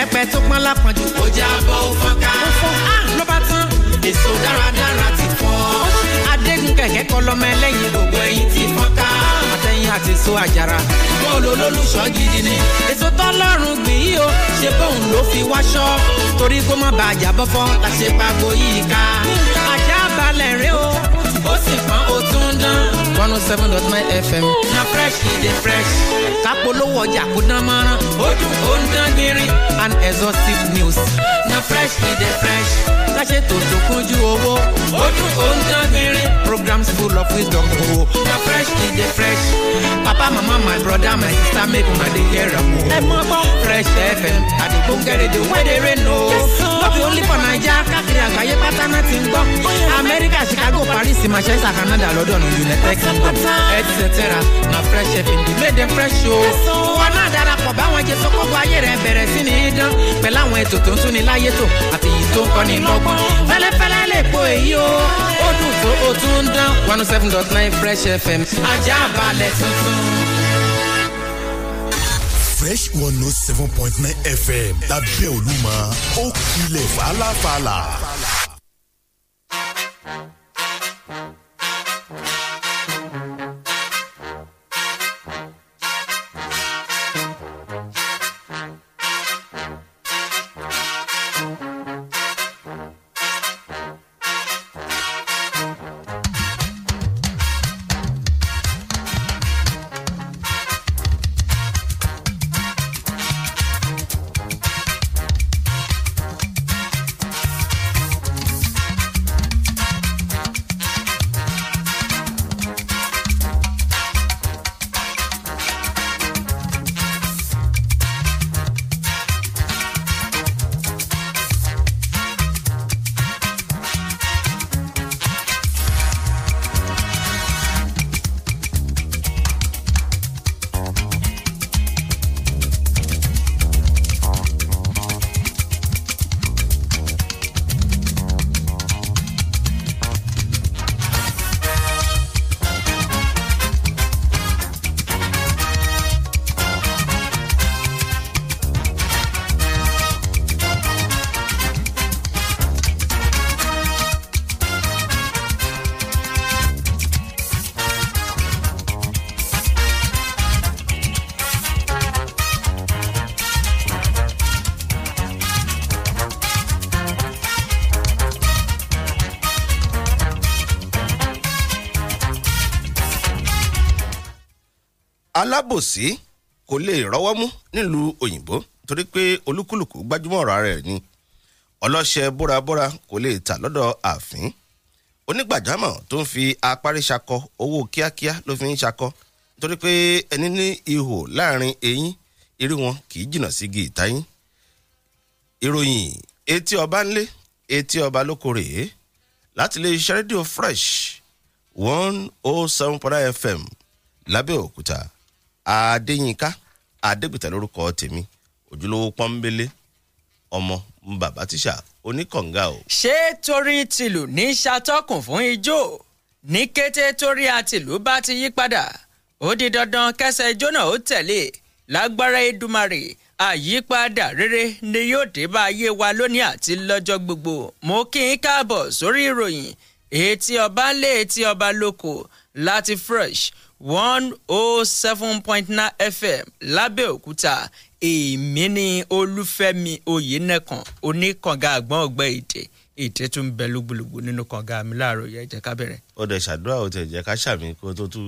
ìbẹ́pẹ tó pọ́n lápọ̀jù. ó já bọ́ ó fọ́nká. ó fọ́n á ah, ló bá tán. èso dáradára ti fọ́. adégun kẹ̀kẹ́ kọ lọ́mọ ẹlẹ́yin. gbogbo ẹyin ti fọ́nká. àtẹ̀yìn àti èso àjàrà. bọ́ọ̀lù olólùṣọ́ gidi ni. èso tọ́lọ́run gbìn yìí o ṣe bóun ló fi wáṣọ. torí kó má bàa jábọ́ fọ́ la ṣe pàgọ́ yìí ká. àṣà balẹ̀ rẹ o ó sì pọ́n ó tún dán one oh seven dot nine fm. na fresh e dey fresh. kápolówó ọjà kó dán mọ́rán. ó dùn dán gírí. an exhaustive news. na fresh e dey fresh. káṣe tòótọ́ kúnjú owó. ó dùn dán gírí. programs full of wisdom o. Oh. na fresh e dey fresh. papa mama my brother my sister make una dey hear am o. ẹ mọ bọ́. fresh fm àdìgbò gẹ̀rẹ́dẹ̀ wẹ́dẹ̀rẹ́ nù. no only for naija káàkiri àgbáyé pátá náà ti ń gbọ́. Oh, amẹ́ríkà chicago paris manchester canada london united states etc. na fresh fm di made fresh oh. o. wọn náà darapọ̀ báwọn jẹ sọ́kọ́gbọ́ ayé rẹ̀ bẹ̀rẹ̀ sí ní dán pẹ̀lú àwọn ètò tó ń súnni láyé tó àti èyí tó ń kọ́ni lọ́gbọ́n fẹ́lẹ́fẹ́lẹ́ lè po èyí o oh. ó dùn tó o tún ń dán one oh seven dot nine fresh fm ajá balẹ̀ tuntun. fresh one oh seven point nine fm lábẹ́ olúmọ ó kilẹ̀ fàlàfàlà. alábòsí kò lè rọ́wọ́ mú nílùú òyìnbó torí pé olúkúlùkù gbájúmọ́ ọ̀rọ̀ rẹ̀ ni ọlọ́ṣẹ búrabúra kò lè tà lọ́dọ̀ ààfin onígbàjámọ̀ tó ń fi apárí ṣakọ owó kíákíá ló fi ń ṣakọ torí pé ẹni ní ihò láàrin eyín irú wọn kì í jìnnà sí igi ìtayín ìròyìn etí ọba ńlé etí ọba lóko rèé láti lè ṣe rédíò fresh one oh seven point nine fm lábẹ́òkúta adéyínká adégbìtà lórúkọ tèmi ojúlówó pọ́nbélé ọmọ bàbá tíṣà oníkànga o. ṣé torí tìlù ní ṣàtọkùn fún ijó ní kété torí àtìlù bá ti yí padà ó di dandan kẹsẹ ijó náà ó tẹ̀lé lágbára Èdùmàrè àyípadà rere ni yóò dé bá ayé wa lónìí àti lọ́jọ́ gbogbo mo kí n káàbọ̀ sórí ìròyìn etí ọba lé etí ọba lóko láti fresh one oh seven point nine fm lábẹ́òkúta èmi ní olúfẹ́mi oyinẹ̀kan oníkànga àgbọ̀n ọ̀gbẹ́ ètè ètè tún bẹ lúgbúlùgbù nínú kànga mi láàárọ̀ yẹ jẹ́ ká bẹ̀rẹ̀. ó dẹ̀ ṣàdúrà ó tẹ̀ jẹ́ ká ṣàmì kó tó tú.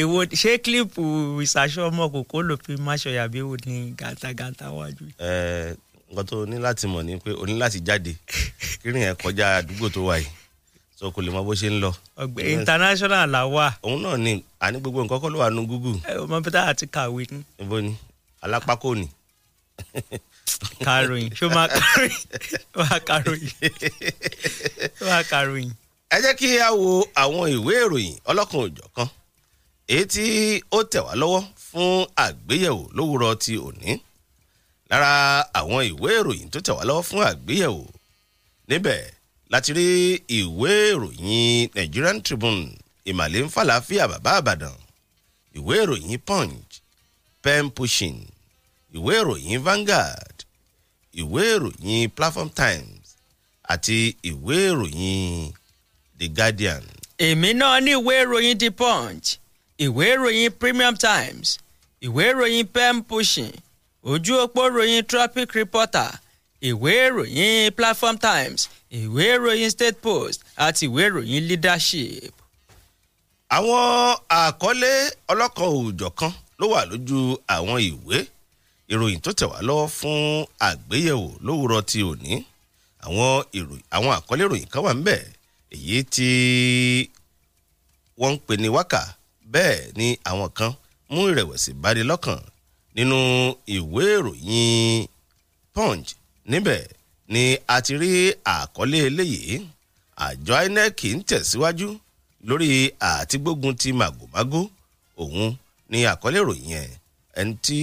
èwo ṣé kílípù ìsàṣọ ọmọ kòkó ló fi máṣọyà bí wò ní gàtàgàtà wájú. ẹ nǹkan tó o ní láti mọ̀ ni pé o ní láti jáde kí rìn ẹ kọjá àdúgbò tó wà yìí so kò lè mọ bó ṣe ń lọ. ọgbẹ international la wà. òun náà ni àní gbogbo nǹkan kọ́ ló wà nù Google. ẹ o mọ pété àti kàwé ni. ibo ni alápákó ni. karòyìn ṣó máa karòyìn máa karòyìn máa karòyìn. ẹ jẹ́ kí a wo àwọn ìwé ìròyìn ọlọ́kan òjọ̀ kan èyí tí ó tẹ̀ wá lọ́wọ́ fún àgbéyẹ̀wò lówùrọ̀ ti òní lára àwọn ìwé ìròyìn tó tẹ̀ wá lọ́wọ́ fún àgbéyẹ̀wò níbẹ̀ láti rí ìwé ìròyìn Nigerian Tribune ìmàlè ń fàlàáfíà bàbá àbàdàn ìwé ìròyìn Punch pen pushing ìwé ìròyìn Vanguard ìwé ìròyìn Platform Times àti ìwé ìròyìn The Guardian. èmi náà ní ìwé ìròyìn The Punch ìwé ìròyìn Premium Times ìwé ìròyìn pen pushing ojú òpó ìròyìn Traffic Reporter ìwé ìròyìn Platform Times ìwé ìròyìn State Post àti ìwé ìròyìn Leadership. àwọn àkọlé ọlọ́kan òòjọ̀kan ló wà lójú àwọn ìwé ìròyìn tó tẹ̀ wá lọ́wọ́ fún àgbéyẹ̀wò lówùrọ̀ ti òní àwọn ìròyìn àwọn àkọlé ìròyìn kan wà ńbẹ̀ èyí tí wọ́n ń pè ní wákà bẹ́ẹ̀ ni àwọn kan mú ìrẹ̀wẹ̀sì báni lọ́kàn nínú ìwé ìròyìn Punch níbẹ̀ ni a ti rí àkọlé eléyìí àjọ inec ń tẹ̀síwájú lórí àtigbógun ti màgòmágó òun ni àkọlé ìròyìn yẹn ẹni tí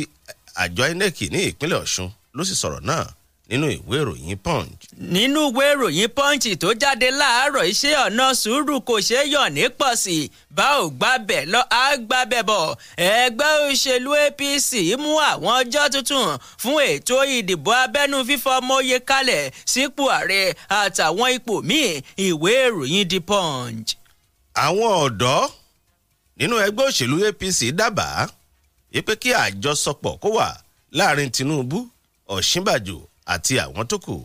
àjọ inec ní ìpínlẹ̀ ọ̀ṣun ló sì sọ̀rọ̀ náà nínú ìwé ìròyìn punch. nínú ìwé ìròyìn punch tó jáde láàárọ̀ iṣẹ́ ọ̀nà sùúrù kò ṣeé yàn ní pọ̀ sí i bá ò gbàbẹ̀ lọ á gbàbẹ̀ bọ̀ ẹgbẹ́ òṣèlú APC mú àwọn ọjọ́ tuntun fún ètò ìdìbò abẹ́nú fífọ́ mọ́yé kalẹ̀ sípò ààrẹ àtàwọn ipò míì ìwé ìròyìn the punch. àwọn ọ̀dọ́ nínú ẹgbẹ́ òṣèlú APC dábàá wípé kí àjọsọpọ̀ kó wà láàrin Tinubu Ọ̀ṣínbàjò àti àwọn tó kù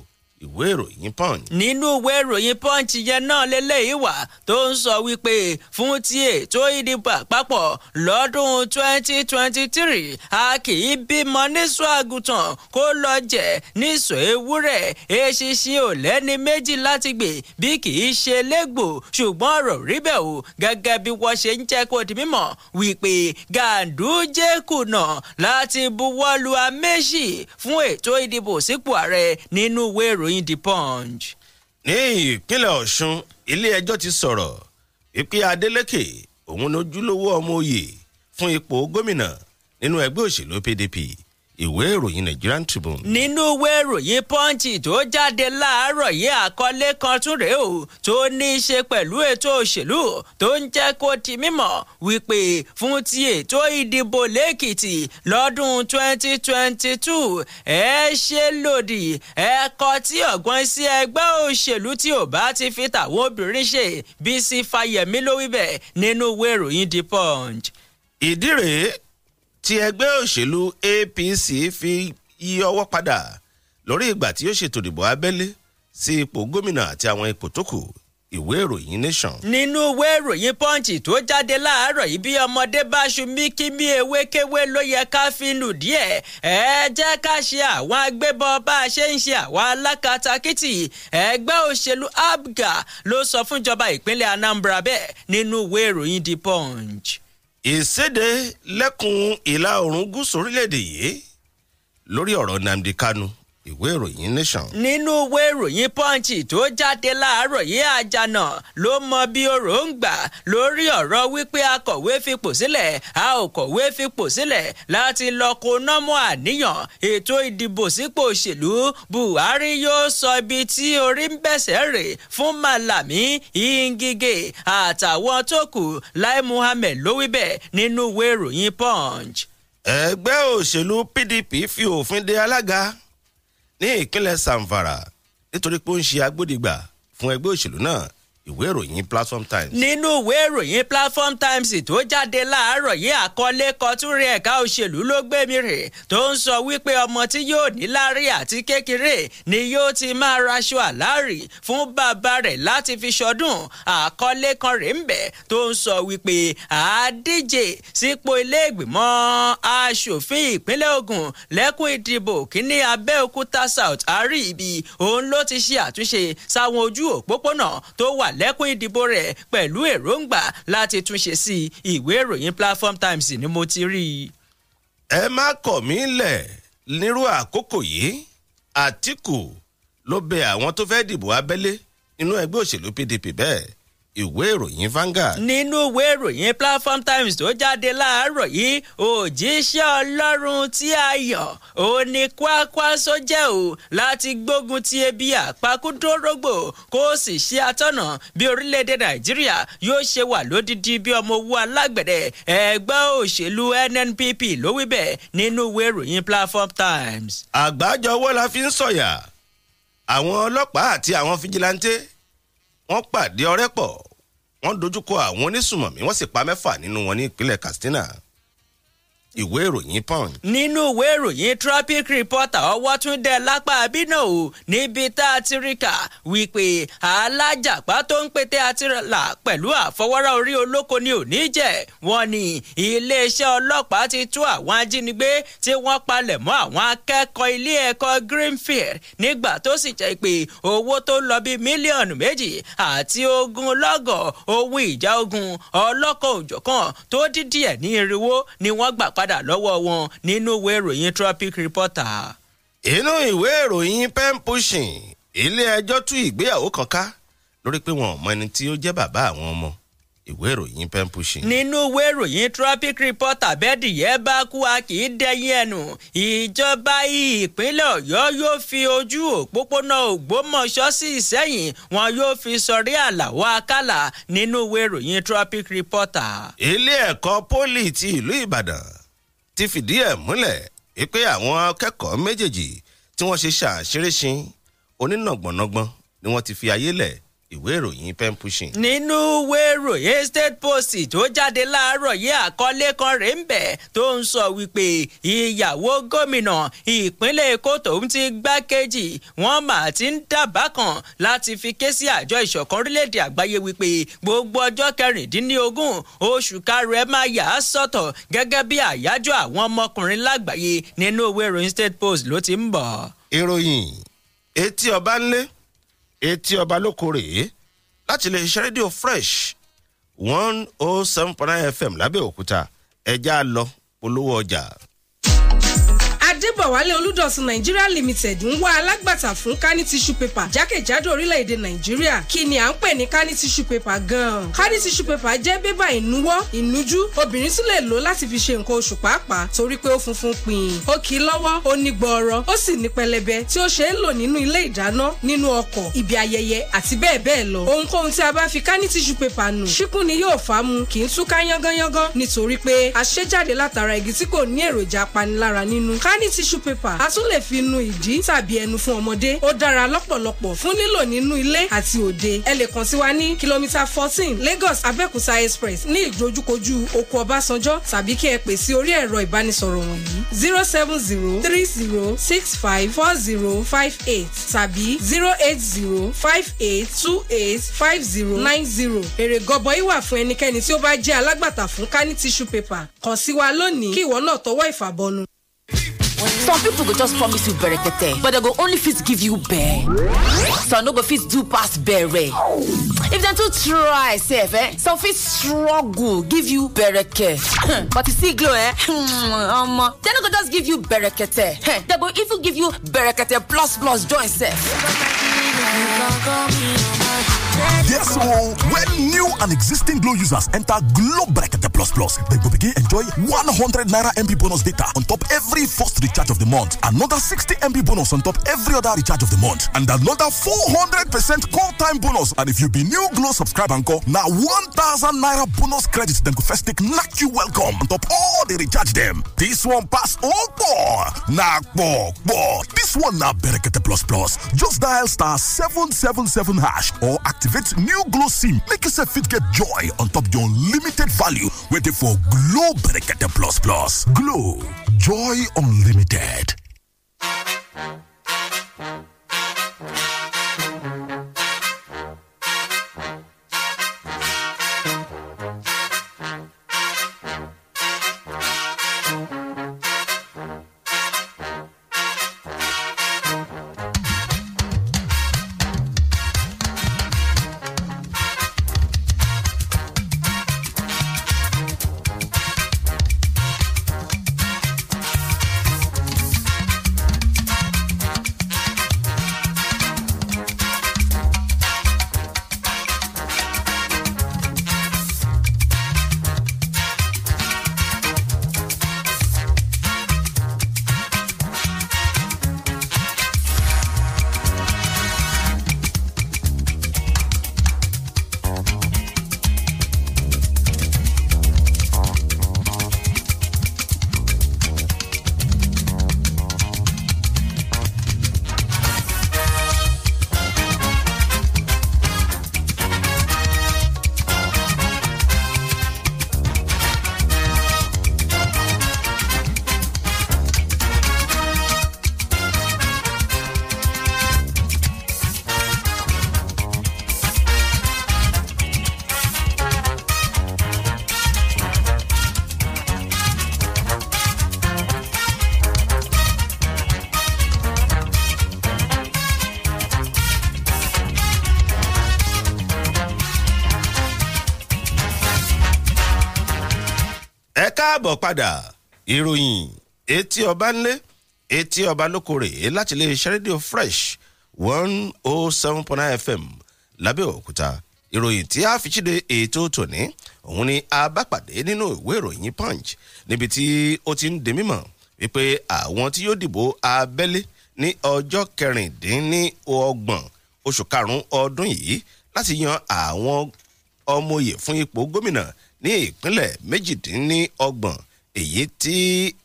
ìwé ìròyìn punch. nínú ìwé ìròyìn punch yẹn náà lélẹ́yìí wà tó ń sọ wípé fún ti ètò ìdìbò àpapọ̀ lọ́dún 2023 a kì í bímọ níṣó àgùntàn kó lọ jẹ níṣó ewúrẹ́ eṣinṣin ò lẹ́ni méjì láti gbè bí kì í ṣe légbò ṣùgbọ́n ọ̀rọ̀ rí bẹ́ẹ̀ o gẹ́gẹ́ bí wọ́n ṣe ń jẹ́ kó di mímọ̀ wípé Ganduje kùnà láti buwọ́lu amẹ́ṣì fún ètò ìdìbò sípò ààrẹ nínú ìwé ìròyìn ìròyìn the punch. ní ìpínlẹ̀ ọ̀ṣun ilé-ẹjọ́ ti sọ̀rọ̀ wípé adeleke òun lójúlówó ọmọ òye fún ipò gómìnà nínú ẹgbẹ́ òṣèlú pdp ìwé ìròyìn Nigerian Tribune. nínú ìwé ìròyìn pọ́ǹchì tó jáde láàárọ̀ yìí àkọlé kan tún rèé o tó ní í ṣe pẹ̀lú ètò òṣèlú tó ń jẹ́ kó ti mímọ̀ wípé fún ti ètò ìdìbò lẹ́kìtì lọ́dún 2022 ẹ ṣe lòdì ẹ kọ tí ọ̀gbọ́n sí ẹgbẹ́ òṣèlú tí ò bá ti fi tàwọn obìnrin ṣe Bísí Fáyẹmí ló wí bẹ́ẹ̀ nínú ìwé ìròyìn The Punch. ìdí rèé tí ẹgbẹ́ òṣèlú APC fi yí ọwọ́ padà lórí ìgbà tí yóò ṣètò ìdìbò abẹ́lé sí ipò gómìnà àti àwọn ipò tó kù ìwé ìròyìn nation. nínú ìwé ìròyìn pọ́ǹchì tó jáde láàárọ̀ yìí bí ọmọdé bá ṣumí kí mi ewékewé ló yẹ ká fi lù díẹ̀ ẹ jẹ́ ká ṣe àwọn agbébọn bá a ṣe ń ṣe àwọn alákatakítì ẹgbẹ́ òṣèlú abga ló sọ fúnjọba ìpínlẹ̀ Anambra bẹ́ẹ̀ nínú ìwé ìròyìn the punch ìséde lẹ́kùn ìlà oòrùn gúúsù orílẹ̀-èdè yìí lórí ọ̀rọ̀ Nnamdi Kanu ìwé ìròyìn nation. nínú ìwé ìròyìn pọ́ǹchì tó jáde láàárọ̀ yìí àjànà ló mọ bí oró ń gbà lórí ọ̀rọ̀ wípé akọ̀wé fipò sílẹ̀ a ò kọ̀wé fipò sílẹ̀ láti lọ nọ́mọ́ àníyàn ètò ìdìbò sípò òṣèlú buhari yóò sọ ibi tí orí ń bẹ̀sẹ̀ rè fún malami ingige àtàwọn tó kù lai muhammed ló wí bẹ́ẹ̀ nínú ìwé ìròyìn punch. ẹgbẹ́ òṣèlú pdp fi òfin de alága ní ìpínlẹ̀ Zamfara nítorí pé ó ń ṣe agbódegbà fún ẹgbẹ́ òṣèlú náà ìwé ìròyìn platform times. nínú ìwé ìròyìn platform times tó jáde láàárọ̀ yìí àkọlé kọtúnrí ẹ̀ka òṣèlú ló gbé mi rè tó ń sọ wípé ọmọ tí yóò ní láárí àti kékeré ni yóò ti máa raṣọ àlárí fún bàbá rẹ̀ láti fi ṣọdún àkọlé kan rèé ń bẹ̀ tó ń sọ wípé àádíje sípò ilé ìgbìmọ̀ ìpínlẹ̀ Ògùn lẹ́kùn ìdìbò kínní Abẹ́òkúta South àárí ibi òun ló ti ṣe àtúnṣe sáwọn ojú òpópónà tó wà àlẹ́kùn ìdìbò rẹ̀ pẹ̀lú èròǹgbà láti túnṣe sí ìwé ìròyìn Platform Times ni mo ti rí i. ẹ má kọ̀ mí lẹ̀ nírú àkókò yìí Àtìkù ló bẹ àwọn tó fẹ́ dìbò abẹ́lé nínú ẹgbẹ́ òṣèlú PDP bẹ́ẹ̀ ìwé ìròyìn Vanguard. nínú ìwé ìròyìn Platform Times tó jáde láàárọ̀ yìí òjíṣẹ́ ọlọ́run tí a yọ̀ ó ní jẹ́ o láti gbógun ti ebi àpakúndórógbò kó sì ṣe atọ́nà bí orílẹ̀-èdè Nàìjíríà yóò ṣe wà lódìdí bí ọmọ owó alágbẹ̀dẹ ẹgbẹ́ òṣèlú NNPP ló wí bẹ́ẹ̀ nínú ìwé ìròyìn Platform Times. àgbájọwọ́ la fi ń sọ̀yà àwọn ọlọ́pàá àti àwọn fijilantẹ́ wọ́n pàdé ọ̀rẹ́ pọ̀ wọ́n dojúkọ àwọn onísùmọ̀mí wọ́n sì pa mẹ́fà nínú wọn ní ìpínlẹ̀ Katsina ìwé ìròyìn punch. nínú ìwé ìròyìn traffic reporter ọwọ́ tún dẹ lápá abínà o níbi tá a ti rí kà wípé alájàpá tó ń pété àtìrànlà pẹ̀lú àfọwọ́rá orí olóko ni ò ní jẹ́ wọ́n ní iléeṣẹ́ ọlọ́pàá ti tú àwọn ajínigbé tí wọ́n palẹ̀ mọ́ àwọn akẹ́kọ̀ọ́ ilé ẹ̀kọ́ greenfield nígbà tó sì jẹ́ pé owó tó lọ bí mílíọ̀nù méjì àti ogún lọ́gọ̀ ohun ìjà ogun ọlọ́kọ̀ ni wọ́n padà lọ́wọ́ wọn nínú ìwé ìròyìn tropic reporter. inú ìwé ìròyìn pen pushing ilé-ẹjọ́ tú ìgbéyàwó kan ká lórí pé wọn ò mọ ẹni tí ó jẹ́ bàbá àwọn ọmọ ìwé ìròyìn pen pushing. nínú ìwé ìròyìn traffic reporter bẹ́ẹ̀dìyẹ bá kú a kì í dẹyìn ẹnu ìjọba ìpínlẹ̀ ọ̀yọ́ yóò fi ojú òpópónà ògbómọ̀ṣọ́ sí ìsẹ́yìn wọn yóò fi sọrí àlàó àkàlà nínú ìwé ìròyìn traffic reporter. ilé ẹ̀kọ́ poli ti ìlú ìbàdàn ti fìdí ẹ̀ múlẹ̀ wípé àwọn akẹ́kọ̀ọ́ méjèèjì tí wọ́n ṣe ṣàṣeréṣin onínàgbọ̀nàgbọ̀n ni wọ́n ti fi ayé lẹ̀ ìwé ìròyìn pen pushing. nínú ìwé state post tó jáde láàárọ̀ yìí àkọlé kan rèé ń bẹ̀ tó ń sọ wípé ìyàwó gómìnà ìpínlẹ̀ èkó tòun ti gbákejì wọ́n mà ti ń dábàá kan láti fi ké sí àjọ ìṣọ̀kan orílẹ̀ àgbáyé wípé gbogbo ọjọ́ kẹrìndínlógún oṣù karùn-ẹ máa yà á sọ̀tọ̀ gẹ́gẹ́ bí àyájọ́ àwọn ọmọkùnrin lágbàáyé nínú ìwé state post ló ti ń bọ̀. ìròyìn etí ọba ńlẹ́ etí ọba lóko rèé láti lè ṣe rédíò fresh one oh seven point nine fm lábẹ́òkúta ẹ̀já lọ polówó ọjà. Adébọ̀wálé Olúdọ̀sùn Nigeria Limited ń wá alágbàtà fún Kani tissue paper jákèjádò orílẹ̀-èdè Nàìjíríà kí ni à ń pè ní Kani tissue paper gan-an Kani tissue paper jẹ́ bébà ìnuwọ́ ìnujú obìnrin tún lè lò láti fi ṣe nǹkan oṣù pàápàá torí pé ó funfun pin ó kì í lọ́wọ́ ó ní gbọ́ọ̀rọ̀ ó sì ní pẹlẹbẹ tí ó ṣe ń lò nínú ilé ìdáná nínú ọkọ̀ ibi ayẹyẹ àti bẹ́ẹ̀ bẹ́ẹ̀ lọ ohunkóhun tí a bá fi Kani tissue paper nù ṣíkún ni yóò fà á mu kì í túká yángányángán nítorí pé àṣejáde látara igi tí kò ní èròjà apanilára nínú Kani tissue tissue paper a tún lè fi nu ìdí tàbí ẹnu fún ọmọdé ó dára lọ́pọ̀lọpọ̀ fún lílò nínú ilé àti òde ẹ lè kàn sí wa ní kìlómítà fourteen Lagos Abẹ́òkúta express ní ìdojúkojú oko Ọbásanjọ́ tàbí kí ẹ pè sí orí ẹ̀rọ ìbánisọ̀rọ̀ wọ̀nyí zero seven zero three zero six five four zero five eight tàbí zero eight zero five eight two eight five zero nine zero èrè gọbọi wà fún ẹnikẹ́ni tí ó bá jẹ́ alágbàtà fún kání tissue paper kàn sí wa lónìí kí ìwọ náà tọwọ́ ìfàbọnu. some people go just promise you berekete but they go only fit give you bere some no go fit do pass bere if they too try sef eh some fit struggle give you bereke hmm, but you see glow eh hmm, omo dem no go just give you berekete They hmm, go even give you berekete plus plus join sef Yes, all oh. when new and existing Glow users enter Glow Bracket Plus Plus, they will begin enjoy 100 Naira MB bonus data on top every first recharge of the month, another 60 MB bonus on top every other recharge of the month, and another 400% call time bonus. And if you be new Glow subscriber encore, now 1000 Naira bonus credits, then go first take knock you welcome on top all the recharge them. This one pass all four. now. four, four. This one now Bracket Plus Plus. Just dial star 777 hash or activate activate new Glow SIM. Make yourself fit get joy on top your unlimited value. Waiting for Glow the Plus Plus. Glow, joy unlimited. padà ìròyìn etí ọba ńlẹ̀ etí ọba lókòrè láti lè ṣe rédíò fresh one oh seven point nine fm lábẹ́òkúta ìròyìn tí a fi ṣíde ètò tòní òun ni a bá pàdé nínú ìwé ìròyìn punch níbi tí ó ti ń di mímọ̀ wípé àwọn tí yóò dìbò abẹ́lé ní ọjọ́ kẹrìndínlọ́gbọ̀n oṣù karùn-ún ọdún yìí láti yan àwọn ọmọye fún ipò gómìnà ní ìpínlẹ̀ méjìdínlọ́gbọ̀n èyí tí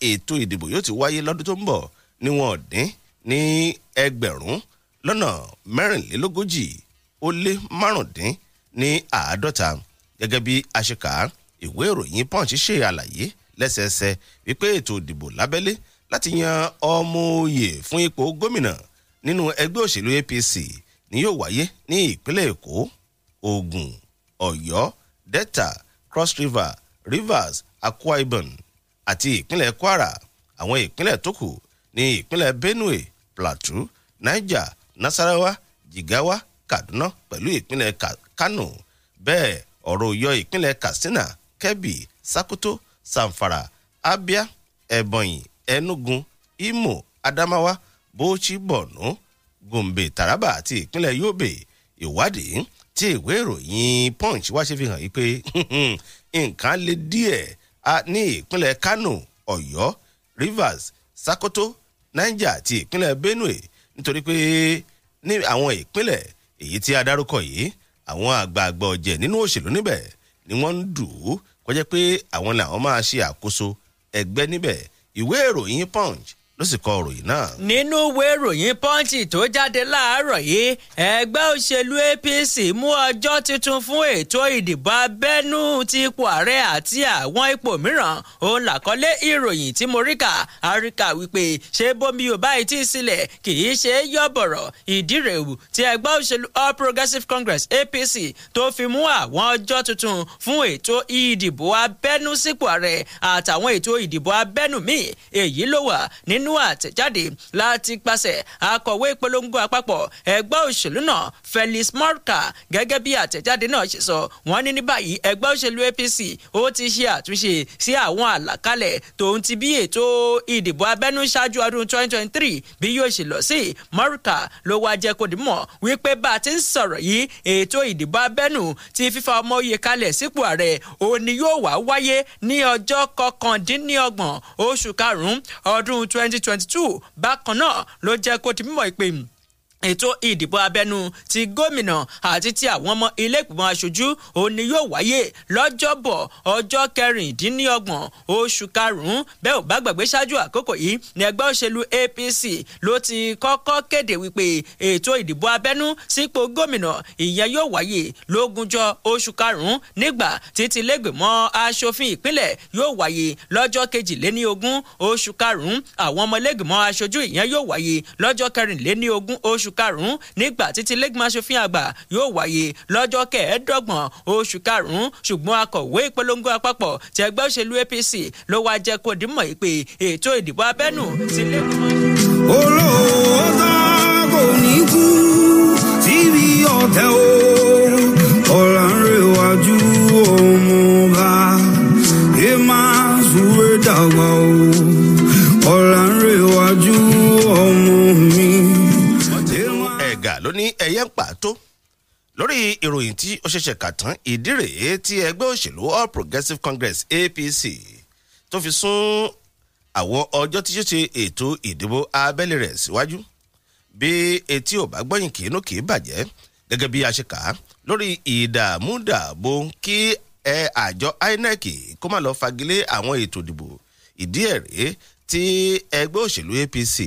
ètò ìdìbò yóò ti wáyé lọ́dún tó ń bọ̀ ni wọ́n dín ní ẹgbẹ̀rún lọ́nà mẹ́rìnlélógójì ó lé márùndín ní àádọ́ta gẹ́gẹ́ bí aṣèkà ìwé ìròyìn punch ṣe àlàyé lẹ́sẹẹsẹ wípé ètò ìdìbò lábẹ́lé láti yan ọmọ òye fún ipò gómìnà nínú ẹgbẹ́ òṣèlú apc ni yóò wáyé ní ìpínlẹ̀ èkó ògùn ọ̀yọ́ delta cross river rivers akwa ibom àti ìpínlẹ̀ kwara àwọn ìpínlẹ̀ tó kù ní ìpínlẹ̀ benue plateau niger nasarawa jigawa kaduna pẹ̀lú ìpínlẹ̀ kano bẹ́ẹ̀ ọ̀rọ̀ yọ ìpínlẹ̀ katsina kebbi sakoto zamfara abia ebonyi enugu imo adamawa bauchi borno gombe taraba àti ìpínlẹ̀ yobe ìwádìí tí ìwé ìròyìn punch wá ṣe fi hàn yí pé nǹkan le díẹ̀ ní ìpínlẹ̀ Kano Ọ̀yọ́ Rivers Sakoto Niger àti ìpínlẹ̀ Benue nítorí pé ní àwọn ìpínlẹ̀ èyí tí a dárúkọ yìí àwọn àgbààgbà ọ̀jẹ̀ nínú òṣèlú níbẹ̀ ni wọ́n ń dù ú kọjá pé àwọn làwọn máa ṣe àkóso ẹgbẹ́ níbẹ̀ ìwé ìròyìn Punch ló sì kọ ìròyìn náà. nínú ìwé ìròyìn pọ́ǹtì tó jáde láàárọ̀ yìí ẹgbẹ́ òṣèlú apc mú ọjọ́ tuntun fún ètò ìdìbò abẹ́nú ti ipò ààrẹ àti àwọn ipò mìíràn òun làkọlé ìròyìn tí mo rí kà áríkà wípé ṣé bómi ò báyìí tí ì sílẹ̀ kì í ṣe é yọ ìdí rèwù tí ẹgbẹ́ òṣèlú all Progressive congress apc tó fi mú àwọn ọjọ́ tuntun fún ètò ìdìbò abẹ́nú sípò ààrẹ àtàwọn ètò ìdìbò abẹ́nú míì èyí ló wà nínú nínú àtẹ̀jáde láti pàṣẹ akọ̀wé ìpolongo àpapọ̀ ẹgbẹ́ òṣèlú náà Felix Morka gẹ́gẹ́ bí àtẹ̀jáde náà ṣe sọ wọ́n ní ní báyìí ẹgbẹ́ òṣèlú APC ó ti ṣe àtúnṣe sí àwọn àlàkalẹ̀ tòun ti bí ètò ìdìbò abẹ́nú ṣáájú ọdún 2023 bí yóò ṣe lọ sí Morka ló wá jẹ́ kó dìmọ̀ wípé bá a ti ń sọ̀rọ̀ yìí ètò ìdìbò abẹ́nú ti fífa ọmọ oyè kalẹ̀ sípò ààrẹ òun ni yóò wá wáyé ní ọjọ́ kọkàndínlọ́gbọ̀n oṣù karùn-ún ọdún 20 twenty two bákan náà ló jẹ́ kó ti mímọ̀ ìpè ètò ìdìbò abẹ́nú ti gómìnà àti ti àwọn ọmọ iléègbìmọ̀ aṣojú òun ni yóò wáyé lọ́jọ́bọ̀ ọjọ́ kẹrìndínlọ́gbọ̀n oṣù karùn-ún bẹ́ẹ̀ ò bá gbàgbé ṣáájú àkókò yìí ní ẹgbẹ́ òṣèlú APC ló ti kọ́kọ́ kéde wípé ètò ìdìbò abẹ́nú sípò gómìnà ìyẹn yóò wáyé lógúnjọ́ oṣù karùn-ún nígbà títí iléègbìmọ̀ aṣòfin ìpínlẹ̀ yóò wáyé lọ́jọ́ kejìléníogún oṣù karùn-ún àwọn ọmọ iléègbìmọ̀ aṣojú ìyẹn yóò wáyé lọ́jọ́ kẹrìnléníogún oṣù oṣù karùn-ún nígbà títí lẹ́gbọ̀n aṣòfin àgbà yóò wáyé lọ́jọ́ kẹẹ̀ẹ́dọ́gbọ̀n oṣù karùn-ún ṣùgbọ́n akọ̀wé ìpolongo àpapọ̀ ti ẹgbẹ́ òṣèlú APC ló wáá jẹ́ kó dìmọ̀ yìí pé ètò ìdìbò abẹ́nú ti lẹ́gbọ̀n. olóòótọ́ kò ní kú ló ní ẹ̀yẹ́ ń pàtó lórí ìròyìn tí ó ṣẹ̀ṣẹ̀ kà tán ìdí rèé tí ẹgbẹ́ òṣèlú All Progressives Congress APC tó fi sún àwọn ọjọ́ tí yóò ṣe ètò ìdìbò abẹ́lé rẹ̀ síwájú bí etí ò bá gbọ́yìn kì í nú kì í bàjẹ́ gẹ́gẹ́ bí a ṣe kà á lórí ìdààmúdààbò kí ẹ àjọ INEC kó má lọ fagilé àwọn ètò ìdìbò ìdí ẹ̀ rèé tí ẹgbẹ́ òṣèlú APC